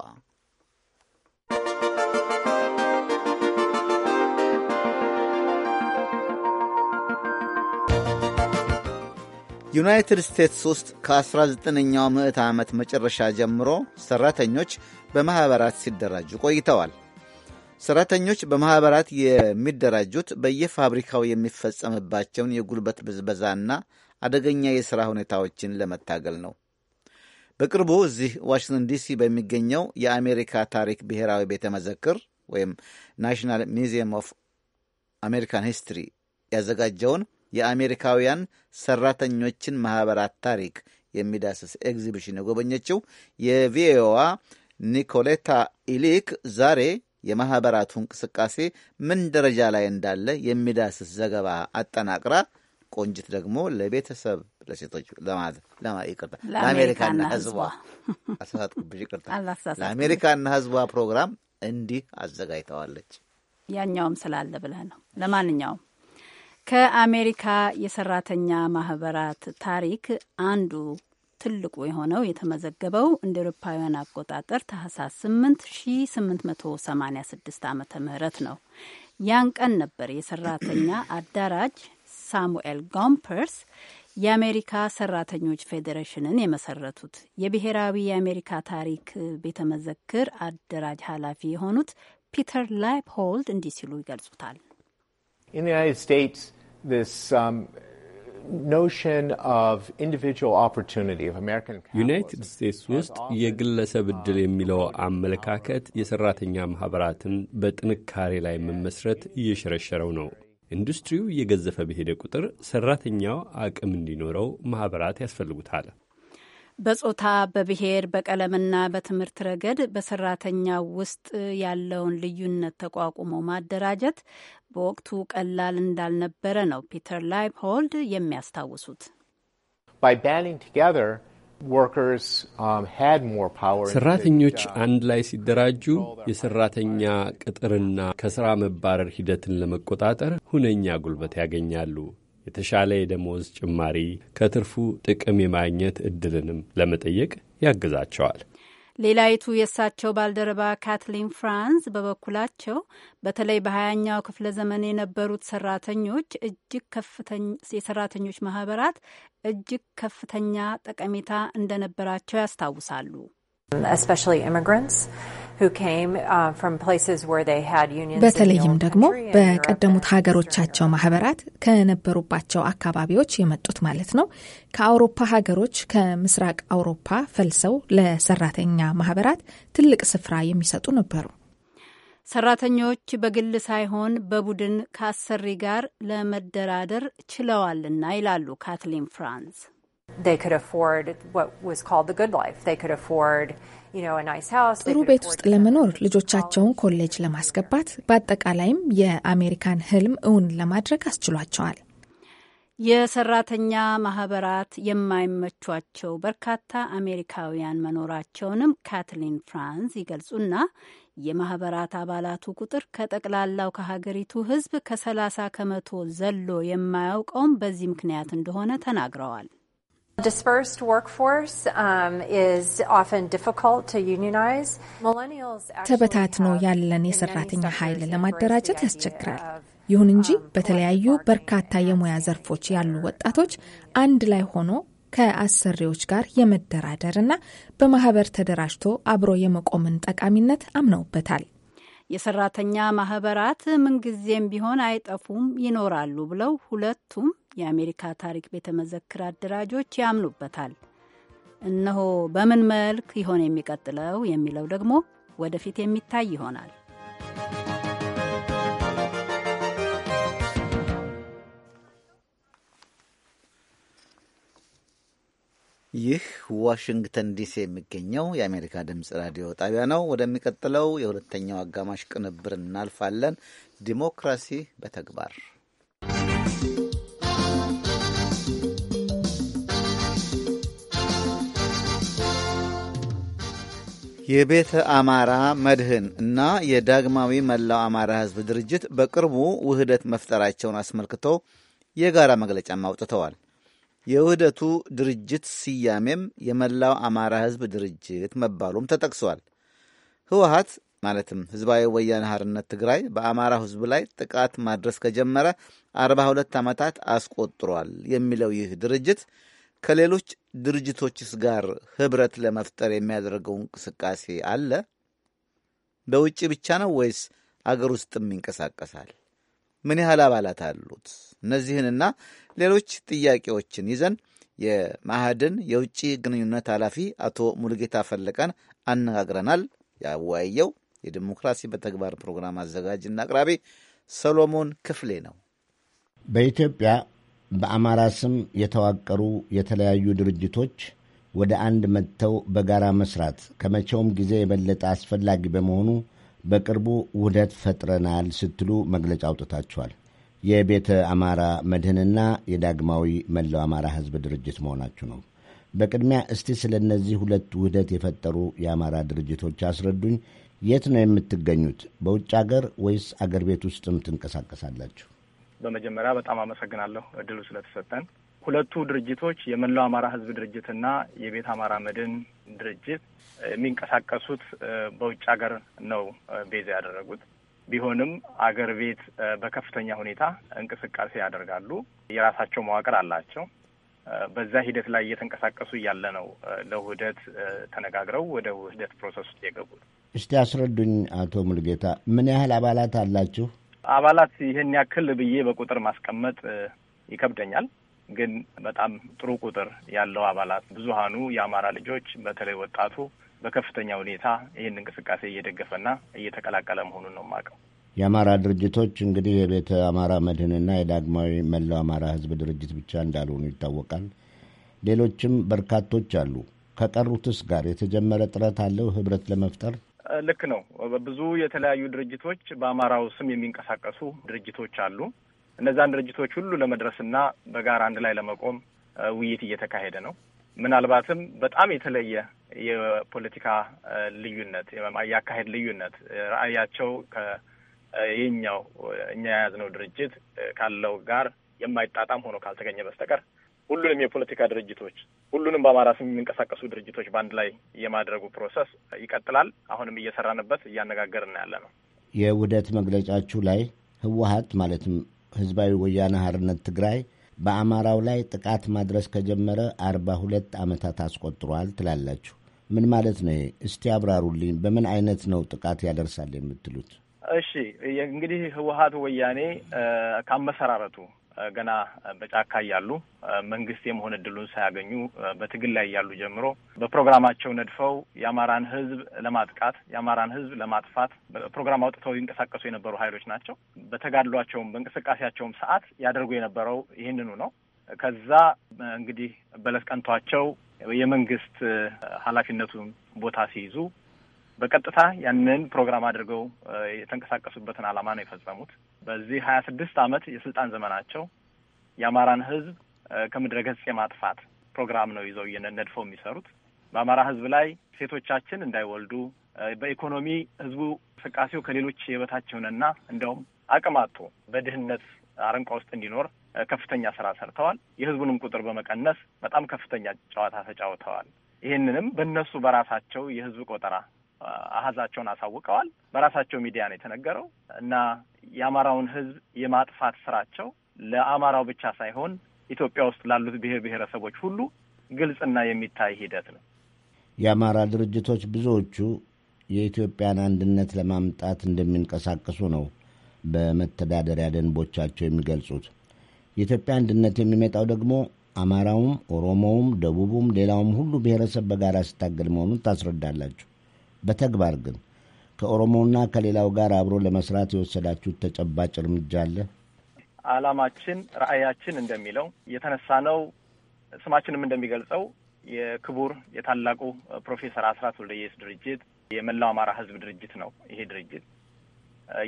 ዩናይትድ ስቴትስ ውስጥ ከ19ኛው ምዕት ዓመት መጨረሻ ጀምሮ ሠራተኞች በማኅበራት ሲደራጁ ቆይተዋል። ሰራተኞች በማኅበራት የሚደራጁት በየፋብሪካው የሚፈጸምባቸውን የጉልበት ብዝበዛና አደገኛ የሥራ ሁኔታዎችን ለመታገል ነው። በቅርቡ እዚህ ዋሽንግተን ዲሲ በሚገኘው የአሜሪካ ታሪክ ብሔራዊ ቤተ መዘክር ወይም ናሽናል ሚዚየም ኦፍ አሜሪካን ሂስትሪ ያዘጋጀውን የአሜሪካውያን ሰራተኞችን ማኅበራት ታሪክ የሚዳስስ ኤግዚቢሽን የጎበኘችው የቪኦኤዋ ኒኮሌታ ኢሊክ ዛሬ የማኅበራቱ እንቅስቃሴ ምን ደረጃ ላይ እንዳለ የሚዳስስ ዘገባ አጠናቅራ ቆንጅት ደግሞ ለቤተሰብ ለሴቶች ይቅርታ፣ ለአሜሪካና ሕዝቧ አሳሳትኩብሽ፣ ይቅርታ፣ ለአሜሪካና ሕዝቧ ፕሮግራም እንዲህ አዘጋጅተዋለች። ያኛውም ስላለ ብለህ ነው። ለማንኛውም ከአሜሪካ የሰራተኛ ማህበራት ታሪክ አንዱ ትልቁ የሆነው የተመዘገበው እንደ ኤሮፓውያን አቆጣጠር ታህሳስ 8 1886 ዓ ም ነው። ያን ቀን ነበር የሰራተኛ አዳራጅ ሳሙኤል ጎምፐርስ የአሜሪካ ሰራተኞች ፌዴሬሽንን የመሰረቱት የብሔራዊ የአሜሪካ ታሪክ ቤተ መዘክር አደራጅ ኃላፊ የሆኑት ፒተር ላይፕሆልድ እንዲህ ሲሉ ይገልጹታል። ዩናይትድ ስቴትስ ውስጥ የግለሰብ ዕድል uh, የሚለው አመለካከት የሠራተኛ ማኅበራትን በጥንካሬ ላይ መመስረት እየሸረሸረው ነው። ኢንዱስትሪው እየገዘፈ በሄደ ቁጥር ሠራተኛው አቅም እንዲኖረው ማኅበራት ያስፈልጉታል። በጾታ በብሔር በቀለምና በትምህርት ረገድ በሰራተኛው ውስጥ ያለውን ልዩነት ተቋቁሞ ማደራጀት በወቅቱ ቀላል እንዳልነበረ ነው ፒተር ላይፕሆልድ የሚያስታውሱት። um, ሰራተኞች አንድ ላይ ሲደራጁ የሰራተኛ ቅጥርና ከስራ መባረር ሂደትን ለመቆጣጠር ሁነኛ ጉልበት ያገኛሉ። የተሻለ የደሞዝ ጭማሪ ከትርፉ ጥቅም የማግኘት እድልንም ለመጠየቅ ያግዛቸዋል። ሌላይቱ የእሳቸው ባልደረባ ካትሊን ፍራንስ በበኩላቸው በተለይ በሀያኛው ክፍለ ዘመን የነበሩት ሰራተኞች እጅግ የሰራተኞች ማህበራት እጅግ ከፍተኛ ጠቀሜታ እንደነበራቸው ያስታውሳሉ። especially immigrants Uh, በተለይም ደግሞ በቀደሙት ሀገሮቻቸው ማህበራት ከነበሩባቸው አካባቢዎች የመጡት ማለት ነው። ከአውሮፓ ሀገሮች ከምስራቅ አውሮፓ ፈልሰው ለሰራተኛ ማህበራት ትልቅ ስፍራ የሚሰጡ ነበሩ። ሰራተኞች በግል ሳይሆን በቡድን ከአሰሪ ጋር ለመደራደር ችለዋልና ይላሉ ካትሊን ፍራንስ ጥሩ ቤት ውስጥ ለመኖር ልጆቻቸውን ኮሌጅ ለማስገባት በአጠቃላይም የአሜሪካን ህልም እውን ለማድረግ አስችሏቸዋል። የሰራተኛ ማህበራት የማይመቿቸው በርካታ አሜሪካውያን መኖራቸውንም ካትሊን ፍራንስ ይገልጹና የማህበራት አባላቱ ቁጥር ከጠቅላላው ከሀገሪቱ ህዝብ ከ30 ከመቶ ዘሎ የማያውቀውም በዚህ ምክንያት እንደሆነ ተናግረዋል። Um, ተበታትኖ ያለን የሰራተኛ ኃይል ለማደራጀት ያስቸግራል። ይሁን እንጂ um, በተለያዩ በርካታ የሙያ ዘርፎች ያሉ ወጣቶች አንድ ላይ ሆኖ ከአሰሪዎች ጋር የመደራደር እና በማህበር ተደራጅቶ አብሮ የመቆምን ጠቃሚነት አምነውበታል። የሰራተኛ ማህበራት ምንጊዜም ቢሆን አይጠፉም፣ ይኖራሉ ብለው ሁለቱም የአሜሪካ ታሪክ ቤተ መዘክር አደራጆች ያምኑበታል። እነሆ በምን መልክ ይሆን የሚቀጥለው የሚለው ደግሞ ወደፊት የሚታይ ይሆናል። ይህ ዋሽንግተን ዲሲ የሚገኘው የአሜሪካ ድምፅ ራዲዮ ጣቢያ ነው። ወደሚቀጥለው የሁለተኛው አጋማሽ ቅንብር እናልፋለን። ዲሞክራሲ በተግባር የቤተ አማራ መድህን እና የዳግማዊ መላው አማራ ሕዝብ ድርጅት በቅርቡ ውህደት መፍጠራቸውን አስመልክቶ የጋራ መግለጫም አውጥተዋል። የውህደቱ ድርጅት ስያሜም የመላው አማራ ሕዝብ ድርጅት መባሉም ተጠቅሷል። ህወሀት ማለትም ህዝባዊ ወያነ ሓርነት ትግራይ በአማራ ህዝብ ላይ ጥቃት ማድረስ ከጀመረ 42 ዓመታት አስቆጥሯል የሚለው ይህ ድርጅት ከሌሎች ድርጅቶችስ ጋር ኅብረት ለመፍጠር የሚያደርገው እንቅስቃሴ አለ? በውጭ ብቻ ነው ወይስ አገር ውስጥም ይንቀሳቀሳል? ምን ያህል አባላት አሉት? እነዚህንና ሌሎች ጥያቄዎችን ይዘን የማህድን የውጭ ግንኙነት ኃላፊ አቶ ሙልጌታ ፈለቀን አነጋግረናል። ያወያየው የዲሞክራሲ በተግባር ፕሮግራም አዘጋጅና አቅራቢ ሰሎሞን ክፍሌ ነው። በኢትዮጵያ በአማራ ስም የተዋቀሩ የተለያዩ ድርጅቶች ወደ አንድ መጥተው በጋራ መስራት ከመቼውም ጊዜ የበለጠ አስፈላጊ በመሆኑ በቅርቡ ውህደት ፈጥረናል ስትሉ መግለጫ አውጥታችኋል። የቤተ አማራ መድህንና የዳግማዊ መላው አማራ ህዝብ ድርጅት መሆናችሁ ነው። በቅድሚያ እስቲ ስለ እነዚህ ሁለት ውህደት የፈጠሩ የአማራ ድርጅቶች አስረዱኝ። የት ነው የምትገኙት? በውጭ አገር ወይስ አገር ቤት ውስጥም ትንቀሳቀሳላችሁ? በመጀመሪያ በጣም አመሰግናለሁ እድሉ ስለተሰጠን። ሁለቱ ድርጅቶች የመላው አማራ ህዝብ ድርጅትና የቤት አማራ መድን ድርጅት የሚንቀሳቀሱት በውጭ ሀገር ነው ቤዛ ያደረጉት። ቢሆንም አገር ቤት በከፍተኛ ሁኔታ እንቅስቃሴ ያደርጋሉ። የራሳቸው መዋቅር አላቸው። በዛ ሂደት ላይ እየተንቀሳቀሱ እያለ ነው ለውህደት ተነጋግረው ወደ ውህደት ፕሮሰስ ውስጥ የገቡት። እስቲ አስረዱኝ አቶ ሙልጌታ ምን ያህል አባላት አላችሁ? አባላት ይህን ያክል ብዬ በቁጥር ማስቀመጥ ይከብደኛል። ግን በጣም ጥሩ ቁጥር ያለው አባላት ብዙሀኑ የአማራ ልጆች በተለይ ወጣቱ በከፍተኛ ሁኔታ ይህን እንቅስቃሴ እየደገፈና እየተቀላቀለ መሆኑን ነው የማውቀው። የአማራ ድርጅቶች እንግዲህ የቤተ አማራ መድህንና የዳግማዊ መላው አማራ ህዝብ ድርጅት ብቻ እንዳልሆኑ ይታወቃል። ሌሎችም በርካቶች አሉ። ከቀሩትስ ጋር የተጀመረ ጥረት አለው ህብረት ለመፍጠር ልክ ነው። ብዙ የተለያዩ ድርጅቶች በአማራው ስም የሚንቀሳቀሱ ድርጅቶች አሉ። እነዛን ድርጅቶች ሁሉ ለመድረስና በጋራ አንድ ላይ ለመቆም ውይይት እየተካሄደ ነው። ምናልባትም በጣም የተለየ የፖለቲካ ልዩነት፣ የአካሄድ ልዩነት ራዕያቸው ከየኛው እኛ የያዝነው ድርጅት ካለው ጋር የማይጣጣም ሆኖ ካልተገኘ በስተቀር ሁሉንም የፖለቲካ ድርጅቶች ሁሉንም በአማራ ስም የሚንቀሳቀሱ ድርጅቶች በአንድ ላይ የማድረጉ ፕሮሰስ ይቀጥላል። አሁንም እየሰራንበት እያነጋገርን ያለ ነው። የውህደት መግለጫችሁ ላይ ህወሀት ማለትም ህዝባዊ ወያነ ሀርነት ትግራይ በአማራው ላይ ጥቃት ማድረስ ከጀመረ አርባ ሁለት ዓመታት አስቆጥሯል ትላላችሁ። ምን ማለት ነው? እስቲ አብራሩልኝ። በምን አይነት ነው ጥቃት ያደርሳል የምትሉት? እሺ እንግዲህ ህወሀት ወያኔ ከአመሰራረቱ ገና በጫካ እያሉ መንግስት የመሆን እድሉን ሳያገኙ በትግል ላይ እያሉ ጀምሮ በፕሮግራማቸው ነድፈው የአማራን ህዝብ ለማጥቃት የአማራን ህዝብ ለማጥፋት በፕሮግራም አውጥተው ይንቀሳቀሱ የነበሩ ኃይሎች ናቸው። በተጋድሏቸውም በእንቅስቃሴያቸውም ሰዓት ያደርጉ የነበረው ይህንኑ ነው። ከዛ እንግዲህ በለስቀንቷቸው የመንግስት ኃላፊነቱን ቦታ ሲይዙ በቀጥታ ያንን ፕሮግራም አድርገው የተንቀሳቀሱበትን ዓላማ ነው የፈጸሙት። በዚህ ሀያ ስድስት ዓመት የስልጣን ዘመናቸው የአማራን ከምድረ ገጽ የማጥፋት ፕሮግራም ነው ይዘው ነድፈው የሚሰሩት። በአማራ ህዝብ ላይ ሴቶቻችን እንዳይወልዱ በኢኮኖሚ ህዝቡ እንቅስቃሴው ከሌሎች የበታች የሆነና አቅም አጥቶ በድህነት አረንቋ ውስጥ እንዲኖር ከፍተኛ ስራ ሰርተዋል። የህዝቡንም ቁጥር በመቀነስ በጣም ከፍተኛ ጨዋታ ተጫውተዋል። ይህንንም በእነሱ በራሳቸው የህዝብ ቆጠራ አሀዛቸውን አሳውቀዋል። በራሳቸው ሚዲያ ነው የተነገረው እና የአማራውን ህዝብ የማጥፋት ስራቸው ለአማራው ብቻ ሳይሆን ኢትዮጵያ ውስጥ ላሉት ብሔር ብሔረሰቦች ሁሉ ግልጽና የሚታይ ሂደት ነው። የአማራ ድርጅቶች ብዙዎቹ የኢትዮጵያን አንድነት ለማምጣት እንደሚንቀሳቀሱ ነው በመተዳደሪያ ደንቦቻቸው የሚገልጹት። የኢትዮጵያ አንድነት የሚመጣው ደግሞ አማራውም፣ ኦሮሞውም፣ ደቡቡም ሌላውም ሁሉ ብሔረሰብ በጋራ ሲታገል መሆኑን ታስረዳላችሁ። በተግባር ግን ከኦሮሞና ከሌላው ጋር አብሮ ለመስራት የወሰዳችሁት ተጨባጭ እርምጃ አለ? አላማችን ራዕያችን እንደሚለው የተነሳ ነው። ስማችንም እንደሚገልጸው የክቡር የታላቁ ፕሮፌሰር አስራት ወልደየስ ድርጅት የመላው አማራ ሕዝብ ድርጅት ነው። ይሄ ድርጅት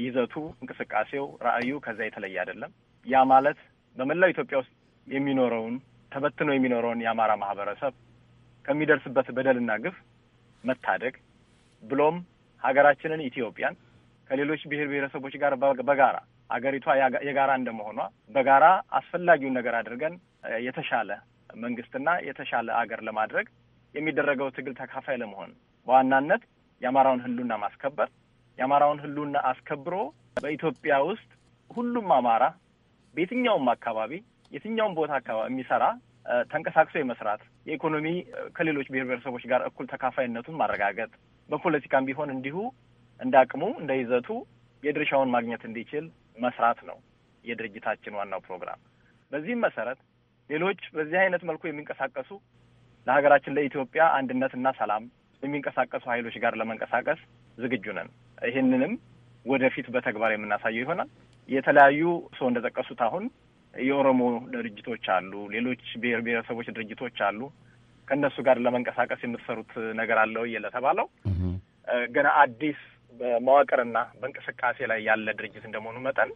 ይዘቱ፣ እንቅስቃሴው፣ ራዕዩ ከዛ የተለየ አይደለም። ያ ማለት በመላው ኢትዮጵያ ውስጥ የሚኖረውን ተበትኖ የሚኖረውን የአማራ ማህበረሰብ ከሚደርስበት በደልና ግፍ መታደግ ብሎም ሀገራችንን ኢትዮጵያን ከሌሎች ብሔር ብሔረሰቦች ጋር በጋራ አገሪቷ የጋራ እንደመሆኗ በጋራ አስፈላጊውን ነገር አድርገን የተሻለ መንግስትና የተሻለ አገር ለማድረግ የሚደረገው ትግል ተካፋይ ለመሆን በዋናነት የአማራውን ህልና ማስከበር የአማራውን ህልና አስከብሮ በኢትዮጵያ ውስጥ ሁሉም አማራ በየትኛውም አካባቢ የትኛውም ቦታ አካባቢ የሚሰራ ተንቀሳቅሶ የመስራት የኢኮኖሚ ከሌሎች ብሔር ብሔረሰቦች ጋር እኩል ተካፋይነቱን ማረጋገጥ በፖለቲካም ቢሆን እንዲሁ እንደ አቅሙ እንደ ይዘቱ የድርሻውን ማግኘት እንዲችል መስራት ነው የድርጅታችን ዋናው ፕሮግራም። በዚህም መሰረት ሌሎች በዚህ አይነት መልኩ የሚንቀሳቀሱ ለሀገራችን ለኢትዮጵያ አንድነትና ሰላም የሚንቀሳቀሱ ኃይሎች ጋር ለመንቀሳቀስ ዝግጁ ነን። ይህንንም ወደፊት በተግባር የምናሳየው ይሆናል። የተለያዩ ሰው እንደጠቀሱት አሁን የኦሮሞ ድርጅቶች አሉ፣ ሌሎች ብሔር ብሔረሰቦች ድርጅቶች አሉ። ከእነሱ ጋር ለመንቀሳቀስ የምትሰሩት ነገር አለ ወይ ለተባለው ገና አዲስ በመዋቅርና በእንቅስቃሴ ላይ ያለ ድርጅት እንደመሆኑ መጠን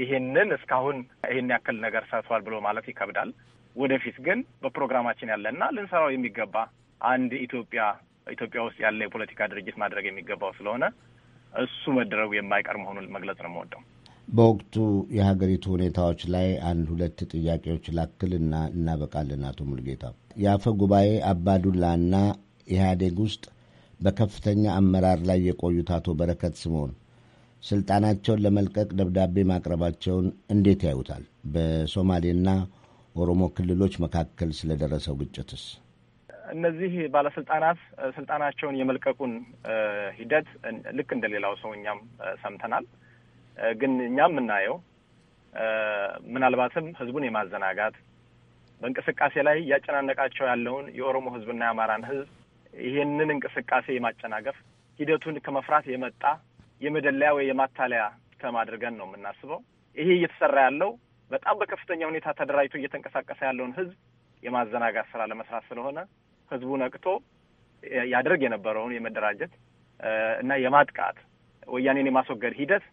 ይሄንን እስካሁን ይሄን ያክል ነገር ሰርተዋል ብሎ ማለት ይከብዳል። ወደፊት ግን በፕሮግራማችን ያለና ልንሰራው የሚገባ አንድ ኢትዮጵያ ኢትዮጵያ ውስጥ ያለ የፖለቲካ ድርጅት ማድረግ የሚገባው ስለሆነ እሱ መደረጉ የማይቀር መሆኑን መግለጽ ነው የምወደው። በወቅቱ የሀገሪቱ ሁኔታዎች ላይ አንድ ሁለት ጥያቄዎች ላክልና እናበቃለን። አቶ ሙልጌታ የአፈ ጉባኤ አባዱላና ኢህአዴግ ውስጥ በከፍተኛ አመራር ላይ የቆዩት አቶ በረከት ስምዖን ስልጣናቸውን ለመልቀቅ ደብዳቤ ማቅረባቸውን እንዴት ያዩታል? በሶማሌና ኦሮሞ ክልሎች መካከል ስለደረሰው ግጭትስ? እነዚህ ባለስልጣናት ስልጣናቸውን የመልቀቁን ሂደት ልክ እንደሌላው ሰው እኛም ሰምተናል። ግን እኛ የምናየው ምናልባትም ህዝቡን የማዘናጋት በእንቅስቃሴ ላይ እያጨናነቃቸው ያለውን የኦሮሞ ህዝብና የአማራን ህዝብ ይሄንን እንቅስቃሴ የማጨናገፍ ሂደቱን ከመፍራት የመጣ የመደለያ ወይ የማታለያ አድርገን ነው የምናስበው። ይሄ እየተሰራ ያለው በጣም በከፍተኛ ሁኔታ ተደራጅቶ እየተንቀሳቀሰ ያለውን ህዝብ የማዘናጋት ስራ ለመስራት ስለሆነ ህዝቡ ነቅቶ ያደርግ የነበረውን የመደራጀት እና የማጥቃት ወያኔን የማስወገድ ሂደት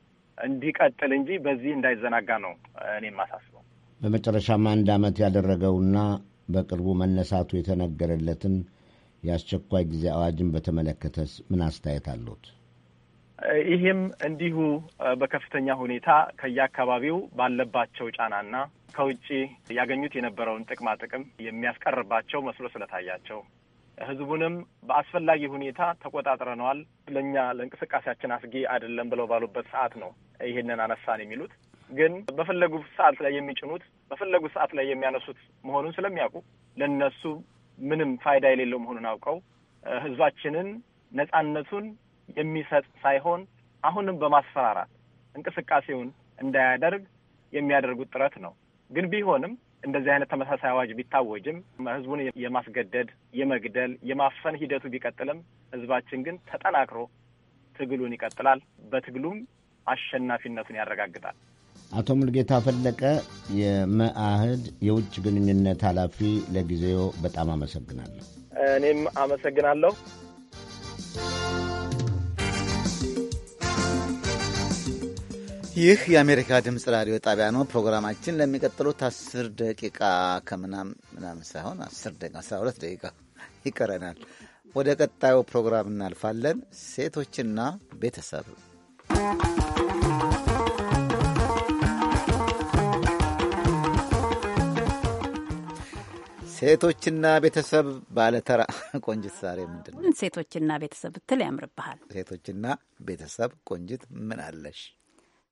እንዲቀጥል እንጂ በዚህ እንዳይዘናጋ ነው እኔ የማሳስበው። በመጨረሻም አንድ ዓመት ያደረገውና በቅርቡ መነሳቱ የተነገረለትን የአስቸኳይ ጊዜ አዋጅን በተመለከተስ ምን አስተያየት አለት ይህም እንዲሁ በከፍተኛ ሁኔታ ከየአካባቢው ባለባቸው ጫናና ከውጭ ያገኙት የነበረውን ጥቅማ ጥቅም የሚያስቀርባቸው መስሎ ስለታያቸው ህዝቡንም በአስፈላጊ ሁኔታ ተቆጣጥረነዋል፣ ለእኛ ለእንቅስቃሴያችን አስጊ አይደለም ብለው ባሉበት ሰዓት ነው ይሄንን አነሳን የሚሉት ግን በፈለጉ ሰዓት ላይ የሚጭኑት በፈለጉ ሰዓት ላይ የሚያነሱት መሆኑን ስለሚያውቁ ለነሱ ምንም ፋይዳ የሌለው መሆኑን አውቀው ህዝባችንን ነጻነቱን የሚሰጥ ሳይሆን አሁንም በማስፈራራት እንቅስቃሴውን እንዳያደርግ የሚያደርጉት ጥረት ነው። ግን ቢሆንም እንደዚህ አይነት ተመሳሳይ አዋጅ ቢታወጅም ህዝቡን የማስገደድ የመግደል፣ የማፈን ሂደቱ ቢቀጥልም ህዝባችን ግን ተጠናክሮ ትግሉን ይቀጥላል። በትግሉም አሸናፊነቱን ያረጋግጣል። አቶ ሙልጌታ ፈለቀ የመአህድ የውጭ ግንኙነት ኃላፊ፣ ለጊዜው በጣም አመሰግናለሁ። እኔም አመሰግናለሁ። ይህ የአሜሪካ ድምፅ ራዲዮ ጣቢያ ነው። ፕሮግራማችን ለሚቀጥሉት አስር ደቂቃ ከምናም ምናምን ሳይሆን አስር ደቂቃ አስራ ሁለት ደቂቃ ይቀረናል። ወደ ቀጣዩ ፕሮግራም እናልፋለን። ሴቶችና ቤተሰብ ሴቶችና ቤተሰብ ባለተራ ቆንጅት፣ ዛሬ ምንድን ነው ሴቶችና ቤተሰብ ብትል ያምርብሃል። ሴቶችና ቤተሰብ ቆንጅት ምን አለሽ?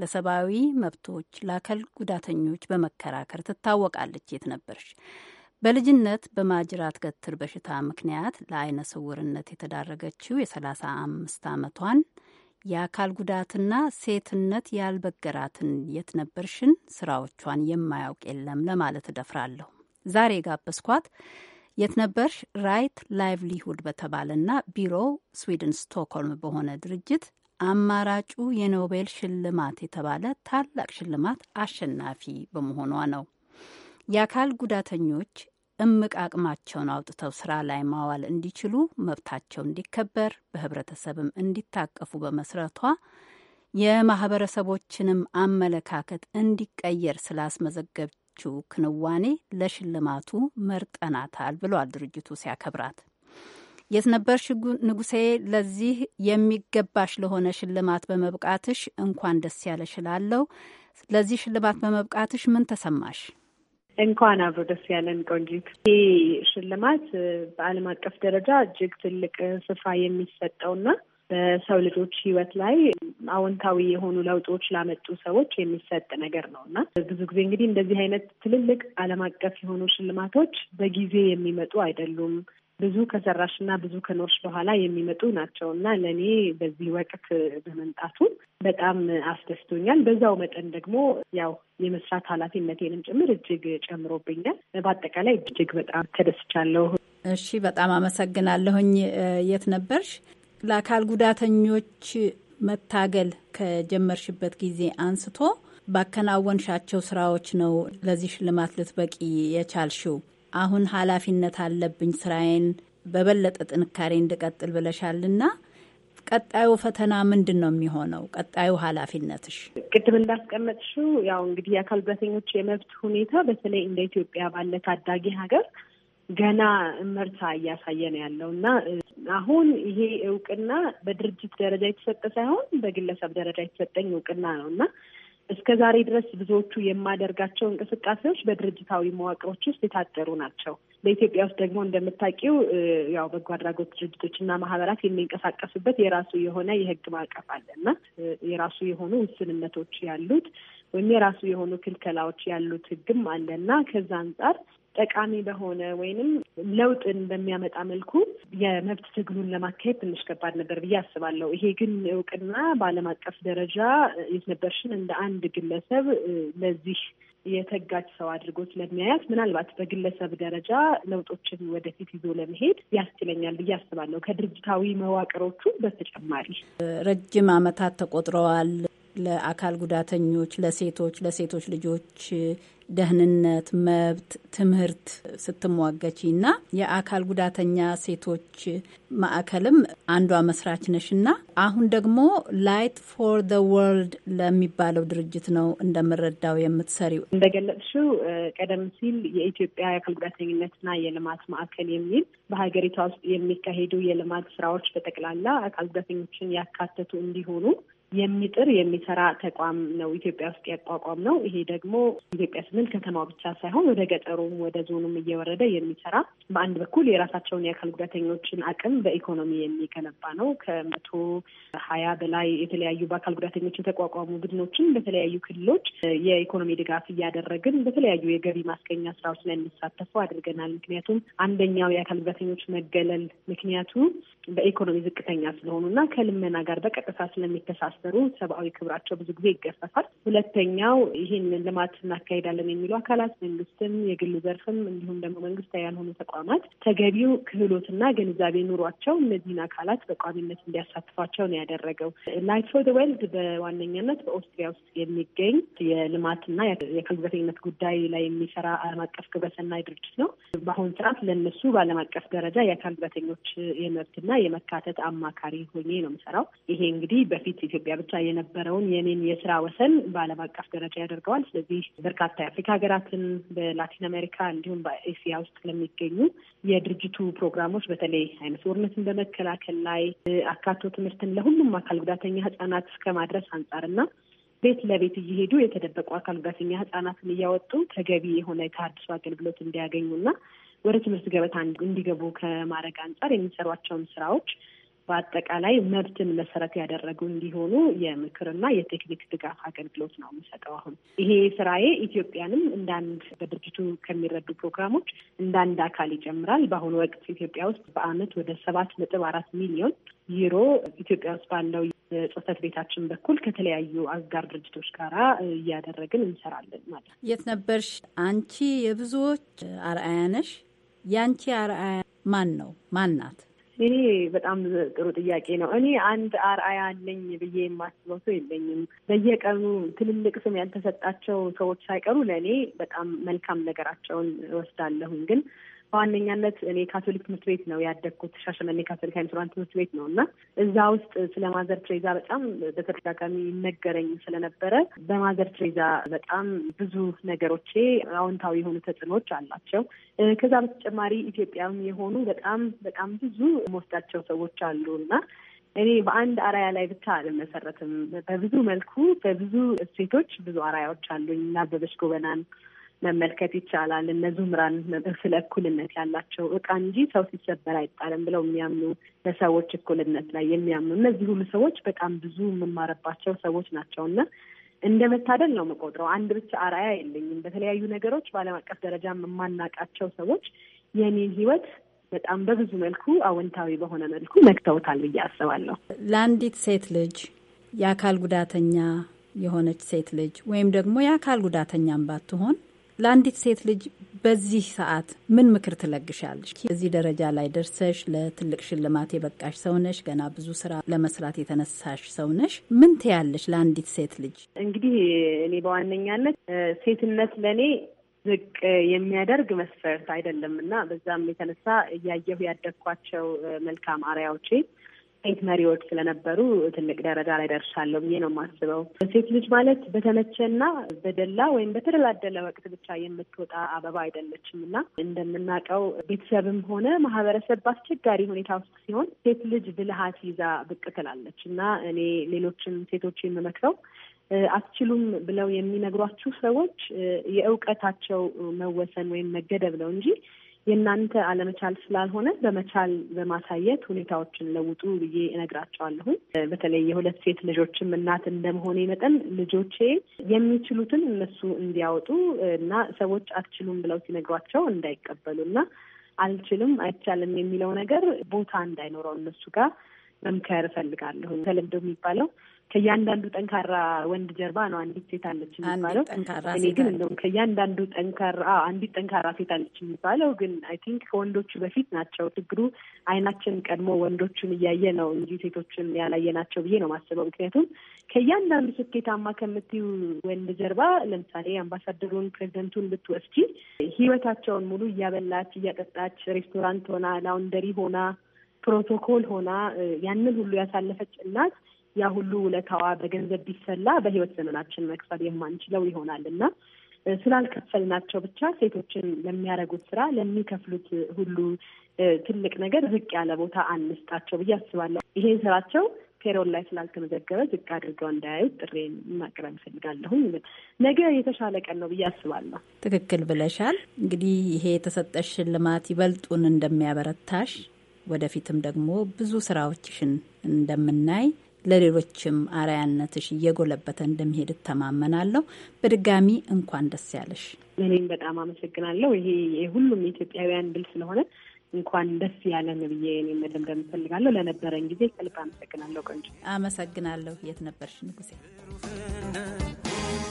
ለሰብአዊ መብቶች ለአካል ጉዳተኞች በመከራከር ትታወቃለች። የት ነበርሽ? በልጅነት በማጅራት ገትር በሽታ ምክንያት ለአይነ ስውርነት የተዳረገችው የሰላሳ አምስት ዓመቷን የአካል ጉዳትና ሴትነት ያልበገራትን የት ነበርሽን ስራዎቿን የማያውቅ የለም ለማለት እደፍራለሁ። ዛሬ ጋበዝኳት የት ነበርሽ ራይት ላይቭሊሁድ በተባለና ቢሮ ስዊድን ስቶክሆልም በሆነ ድርጅት አማራጩ የኖቤል ሽልማት የተባለ ታላቅ ሽልማት አሸናፊ በመሆኗ ነው። የአካል ጉዳተኞች እምቅ አቅማቸውን አውጥተው ስራ ላይ ማዋል እንዲችሉ መብታቸው እንዲከበር በህብረተሰብም እንዲታቀፉ በመስረቷ የማህበረሰቦችንም አመለካከት እንዲቀየር ስላስመዘገበችው ክንዋኔ ለሽልማቱ መርጠናታል ብሏል ድርጅቱ ሲያከብራት። የት ነበርሽ ንጉሴ፣ ለዚህ የሚገባሽ ለሆነ ሽልማት በመብቃትሽ እንኳን ደስ ያለሽ እላለሁ። ለዚህ ሽልማት በመብቃትሽ ምን ተሰማሽ? እንኳን አብሮ ደስ ያለን ቆንጂት። ይህ ሽልማት በዓለም አቀፍ ደረጃ እጅግ ትልቅ ስፍራ የሚሰጠውና በሰው ልጆች ሕይወት ላይ አዎንታዊ የሆኑ ለውጦች ላመጡ ሰዎች የሚሰጥ ነገር ነው እና ብዙ ጊዜ እንግዲህ እንደዚህ አይነት ትልልቅ ዓለም አቀፍ የሆኑ ሽልማቶች በጊዜ የሚመጡ አይደሉም። ብዙ ከሰራሽ እና ብዙ ከኖርሽ በኋላ የሚመጡ ናቸው እና ለእኔ በዚህ ወቅት በመምጣቱ በጣም አስደስቶኛል። በዛው መጠን ደግሞ ያው የመስራት ኃላፊነቴንም ጭምር እጅግ ጨምሮብኛል። በአጠቃላይ እጅግ በጣም ተደስቻለሁ። እሺ፣ በጣም አመሰግናለሁኝ። የት ነበርሽ? ለአካል ጉዳተኞች መታገል ከጀመርሽበት ጊዜ አንስቶ ባከናወንሻቸው ስራዎች ነው ለዚህ ሽልማት ልትበቂ የቻልሽው። አሁን ኃላፊነት አለብኝ ስራዬን በበለጠ ጥንካሬ እንድቀጥል ብለሻልና ቀጣዩ ፈተና ምንድን ነው የሚሆነው? ቀጣዩ ኃላፊነትሽ ቅድም እንዳስቀመጥሽው ያው እንግዲህ የአካል ጉዳተኞች የመብት ሁኔታ በተለይ እንደ ኢትዮጵያ ባለ ታዳጊ ሀገር ገና እመርታ እያሳየ ነው ያለው እና አሁን ይሄ እውቅና በድርጅት ደረጃ የተሰጠ ሳይሆን በግለሰብ ደረጃ የተሰጠኝ እውቅና ነው እና እስከ ዛሬ ድረስ ብዙዎቹ የማደርጋቸው እንቅስቃሴዎች በድርጅታዊ መዋቅሮች ውስጥ የታጠሩ ናቸው። በኢትዮጵያ ውስጥ ደግሞ እንደምታውቂው ያው በጎ አድራጎት ድርጅቶችና ማህበራት የሚንቀሳቀሱበት የራሱ የሆነ የህግ ማዕቀፍ አለ እና የራሱ የሆኑ ውስንነቶች ያሉት ወይም የራሱ የሆኑ ክልከላዎች ያሉት ህግም አለ እና ከዛ አንጻር ጠቃሚ በሆነ ወይንም ለውጥን በሚያመጣ መልኩ የመብት ትግሉን ለማካሄድ ትንሽ ከባድ ነበር ብዬ አስባለሁ። ይሄ ግን እውቅና በዓለም አቀፍ ደረጃ የት ነበርሽን እንደ አንድ ግለሰብ ለዚህ የተጋጅ ሰው አድርጎ ስለሚያያት ምናልባት በግለሰብ ደረጃ ለውጦችን ወደፊት ይዞ ለመሄድ ያስችለኛል ብዬ አስባለሁ። ከድርጅታዊ መዋቅሮቹ በተጨማሪ ረጅም ዓመታት ተቆጥረዋል። ለአካል ጉዳተኞች፣ ለሴቶች፣ ለሴቶች ልጆች ደህንነት፣ መብት፣ ትምህርት ስትሟገች እና የአካል ጉዳተኛ ሴቶች ማዕከልም አንዷ መስራች ነሽ እና አሁን ደግሞ ላይት ፎር ዘ ወርልድ ለሚባለው ድርጅት ነው እንደምረዳው የምትሰሪው። እንደገለጽሽው ቀደም ሲል የኢትዮጵያ የአካል ጉዳተኝነትና የልማት ማዕከል የሚል በሀገሪቷ ውስጥ የሚካሄዱ የልማት ስራዎች በጠቅላላ አካል ጉዳተኞችን ያካተቱ እንዲሆኑ የሚጥር የሚሰራ ተቋም ነው ኢትዮጵያ ውስጥ ያቋቋም ነው። ይሄ ደግሞ ኢትዮጵያ ስንል ከተማ ብቻ ሳይሆን ወደ ገጠሩም ወደ ዞኑም እየወረደ የሚሰራ በአንድ በኩል የራሳቸውን የአካል ጉዳተኞችን አቅም በኢኮኖሚ የሚገነባ ነው። ከመቶ ሀያ በላይ የተለያዩ በአካል ጉዳተኞች የተቋቋሙ ቡድኖችን በተለያዩ ክልሎች የኢኮኖሚ ድጋፍ እያደረግን በተለያዩ የገቢ ማስገኛ ስራዎች ላይ እንዲሳተፉ አድርገናል። ምክንያቱም አንደኛው የአካል ጉዳተኞች መገለል ምክንያቱ በኢኮኖሚ ዝቅተኛ ስለሆኑ እና ከልመና ጋር በቀጥታ ስለሚተሳሰ ሲታሰሩ ሰብአዊ ክብራቸው ብዙ ጊዜ ይገፈፋል። ሁለተኛው ይህን ልማት እናካሄዳለን የሚሉ አካላት መንግስትም፣ የግል ዘርፍም እንዲሁም ደግሞ መንግስታዊ ያልሆኑ ተቋማት ተገቢው ክህሎትና ግንዛቤ ኑሯቸው እነዚህን አካላት በቋሚነት እንዲያሳትፏቸው ነው ያደረገው። ላይት ፎር ዘ ወርልድ በዋነኛነት በኦስትሪያ ውስጥ የሚገኝ የልማትና የክብረተኝነት ጉዳይ ላይ የሚሰራ ዓለም አቀፍ ግብረሰናይ ድርጅት ነው። በአሁኑ ሰዓት ለእነሱ በዓለም አቀፍ ደረጃ የአካል ጉዳተኞች የመብትና የመካተት አማካሪ ሆኜ ነው የምሰራው። ይሄ እንግዲህ በፊት ኢትዮጵያ ኢትዮጵያ ብቻ የነበረውን የኔን የስራ ወሰን በዓለም አቀፍ ደረጃ ያደርገዋል። ስለዚህ በርካታ የአፍሪካ ሀገራትን በላቲን አሜሪካ እንዲሁም በኤስያ ውስጥ ለሚገኙ የድርጅቱ ፕሮግራሞች በተለይ አይነ ስውርነትን በመከላከል ላይ አካቶ ትምህርትን ለሁሉም አካል ጉዳተኛ ህጻናት ከማድረስ አንጻርና ቤት ለቤት እየሄዱ የተደበቁ አካል ጉዳተኛ ህጻናትን እያወጡ ተገቢ የሆነ የተሃድሶ አገልግሎት እንዲያገኙና ወደ ትምህርት ገበታ እንዲገቡ ከማድረግ አንጻር የሚሰሯቸውን ስራዎች በአጠቃላይ መብትን መሰረት ያደረጉ እንዲሆኑ የምክርና የቴክኒክ ድጋፍ አገልግሎት ነው የሚሰጠው። አሁን ይሄ ስራዬ ኢትዮጵያንም እንዳንድ በድርጅቱ ከሚረዱ ፕሮግራሞች እንዳንድ አካል ይጨምራል። በአሁኑ ወቅት ኢትዮጵያ ውስጥ በአመት ወደ ሰባት ነጥብ አራት ሚሊዮን ዩሮ ኢትዮጵያ ውስጥ ባለው ጽህፈት ቤታችን በኩል ከተለያዩ አጋር ድርጅቶች ጋራ እያደረግን እንሰራለን ማለት ነው። የት ነበርሽ አንቺ? የብዙዎች አርአያ ነሽ። የአንቺ አርአያ ማን ነው? ማን ናት? ይሄ በጣም ጥሩ ጥያቄ ነው። እኔ አንድ አርአያ አለኝ ብዬ የማስበው ሰው የለኝም። በየቀኑ ትልልቅ ስም ያልተሰጣቸው ሰዎች ሳይቀሩ ለእኔ በጣም መልካም ነገራቸውን ወስዳለሁኝ ግን በዋነኛነት እኔ ካቶሊክ ትምህርት ቤት ነው ያደግኩት። ሻሸመኔ ካቶሊክ ሃይማኖት ትምህርት ቤት ነው እና እዛ ውስጥ ስለ ማዘር ትሬዛ በጣም በተደጋጋሚ ይነገረኝ ስለነበረ በማዘር ትሬዛ በጣም ብዙ ነገሮቼ አዎንታዊ የሆኑ ተጽዕኖዎች አላቸው። ከዛ በተጨማሪ ኢትዮጵያም የሆኑ በጣም በጣም ብዙ መወስዳቸው ሰዎች አሉ እና እኔ በአንድ አራያ ላይ ብቻ አልመሰረትም። በብዙ መልኩ በብዙ እሴቶች ብዙ አራያዎች አሉኝ እና አበበች ጎበናን መመልከት ይቻላል። እነ ዙምራን ስለ እኩልነት ያላቸው እቃ እንጂ ሰው ሲሰበር አይጣልም ብለው የሚያምኑ ለሰዎች እኩልነት ላይ የሚያምኑ እነዚህ ሁሉ ሰዎች በጣም ብዙ የምማረባቸው ሰዎች ናቸው እና እንደ መታደል ነው የምቆጥረው። አንድ ብቻ አርአያ የለኝም። በተለያዩ ነገሮች በዓለም አቀፍ ደረጃ የማናቃቸው ሰዎች የኔን ህይወት በጣም በብዙ መልኩ አዎንታዊ በሆነ መልኩ መግተውታል ብዬ አስባለሁ። ለአንዲት ሴት ልጅ የአካል ጉዳተኛ የሆነች ሴት ልጅ ወይም ደግሞ የአካል ጉዳተኛም ባትሆን ለአንዲት ሴት ልጅ በዚህ ሰዓት ምን ምክር ትለግሻለሽ? እዚህ ደረጃ ላይ ደርሰሽ ለትልቅ ሽልማት የበቃሽ ሰውነሽ፣ ገና ብዙ ስራ ለመስራት የተነሳሽ ሰውነሽ፣ ምን ትያለሽ ለአንዲት ሴት ልጅ? እንግዲህ እኔ በዋነኛነት ሴትነት ለእኔ ዝቅ የሚያደርግ መስፈርት አይደለም እና በዛም የተነሳ እያየሁ ያደግኳቸው መልካም አርያዎቼ ሴት መሪዎች ስለነበሩ ትልቅ ደረጃ ላይ ደርሻለሁ ብዬ ነው የማስበው። ሴት ልጅ ማለት በተመቸና በደላ ወይም በተደላደለ ወቅት ብቻ የምትወጣ አበባ አይደለችም እና እንደምናውቀው ቤተሰብም ሆነ ማህበረሰብ በአስቸጋሪ ሁኔታ ውስጥ ሲሆን ሴት ልጅ ብልሃት ይዛ ብቅ ትላለች እና እኔ ሌሎችም ሴቶች የምመክረው አትችሉም ብለው የሚነግሯችሁ ሰዎች የእውቀታቸው መወሰን ወይም መገደብ ነው እንጂ የእናንተ አለመቻል ስላልሆነ በመቻል በማሳየት ሁኔታዎችን ለውጡ ብዬ እነግራቸዋለሁኝ። በተለይ የሁለት ሴት ልጆችም እናት እንደመሆኔ መጠን ልጆቼ የሚችሉትን እነሱ እንዲያወጡ እና ሰዎች አትችሉም ብለው ሲነግሯቸው እንዳይቀበሉ እና አልችልም አይቻልም የሚለው ነገር ቦታ እንዳይኖረው እነሱ ጋር መምከር እፈልጋለሁ። ተለምዶ የሚባለው ከእያንዳንዱ ጠንካራ ወንድ ጀርባ ነው አንዲት ሴት አለች የሚባለው። እኔ ግን እንደውም ከእያንዳንዱ ጠንካራ አንዲት ጠንካራ ሴት አለች የሚባለው ግን አይ ቲንክ ከወንዶቹ በፊት ናቸው። ችግሩ አይናችን ቀድሞ ወንዶቹን እያየ ነው እንጂ ሴቶችን ያላየ ናቸው ብዬ ነው ማስበው። ምክንያቱም ከእያንዳንዱ ስኬታማ ከምትዩ ወንድ ጀርባ ለምሳሌ አምባሳደሩን፣ ፕሬዚደንቱን ብትወስጂ ህይወታቸውን ሙሉ እያበላች እያጠጣች፣ ሬስቶራንት ሆና፣ ላውንደሪ ሆና፣ ፕሮቶኮል ሆና ያንን ሁሉ ያሳለፈች እናት ያ ሁሉ ውለታዋ በገንዘብ ቢሰላ በህይወት ዘመናችን መክፈል የማንችለው ይሆናል እና ስላልከፈልናቸው ብቻ ሴቶችን ለሚያደርጉት ስራ ለሚከፍሉት ሁሉ ትልቅ ነገር ዝቅ ያለ ቦታ አንስጣቸው ብዬ አስባለሁ። ይሄን ስራቸው ፔሮል ላይ ስላልተመዘገበ ዝቅ አድርገው እንዳያዩት ጥሬን ማቅረብ እፈልጋለሁ። ነገ የተሻለ ቀን ነው ብዬ አስባለሁ። ትክክል ብለሻል። እንግዲህ ይሄ የተሰጠሽ ሽልማት ይበልጡን እንደሚያበረታሽ፣ ወደፊትም ደግሞ ብዙ ስራዎችሽን እንደምናይ ለሌሎችም አርአያነትሽ እየጎለበተ እንደሚሄድ እተማመናለሁ። በድጋሚ እንኳን ደስ ያለሽ። እኔም በጣም አመሰግናለሁ። ይሄ ሁሉም የኢትዮጵያውያን ድል ስለሆነ እንኳን ደስ ያለን ብዬ እኔ መደምደም እፈልጋለሁ። ለነበረን ጊዜ ከልብ አመሰግናለሁ። ቆንጆ አመሰግናለሁ። የት ነበርሽ ንጉሴ?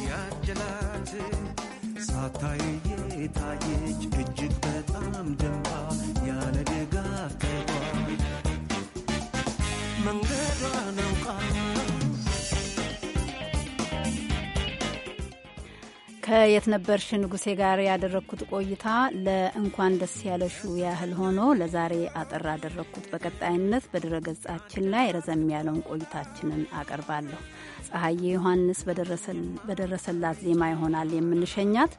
ያጀላት ሳታይ የታየች እጅግ በጣም ደንባ ያለ ደጋ ገባ መንገዷ ነው ከየት ነበርሽ ንጉሴ ጋር ያደረግኩት ቆይታ ለእንኳን ደስ ያለሹ ያህል ሆኖ ለዛሬ አጠር አደረግኩት። በቀጣይነት በድረገጻችን ላይ ረዘም ያለውን ቆይታችንን አቀርባለሁ። ፀሐዬ ዮሐንስ በደረሰላት ዜማ ይሆናል የምንሸኛት።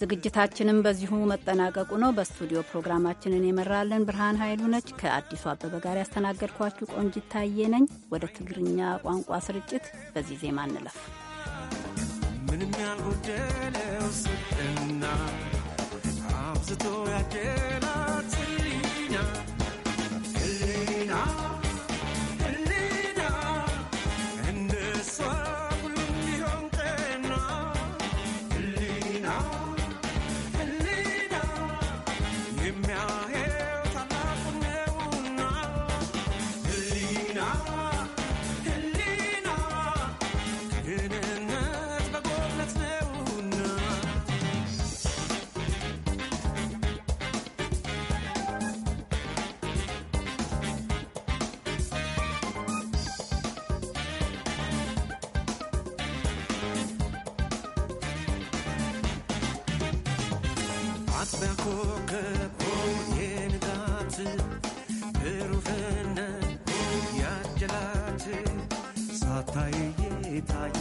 ዝግጅታችንም በዚሁ መጠናቀቁ ነው። በስቱዲዮ ፕሮግራማችንን የመራለን ብርሃን ኃይሉ ነች። ከአዲሱ አበበ ጋር ያስተናገድኳችሁ ቆንጂት ታዬ ነኝ። ወደ ትግርኛ ቋንቋ ስርጭት በዚህ ዜማ እንለፍ። ምንም ያልጎደለው ስብዕና አብዝቶ ያደላት I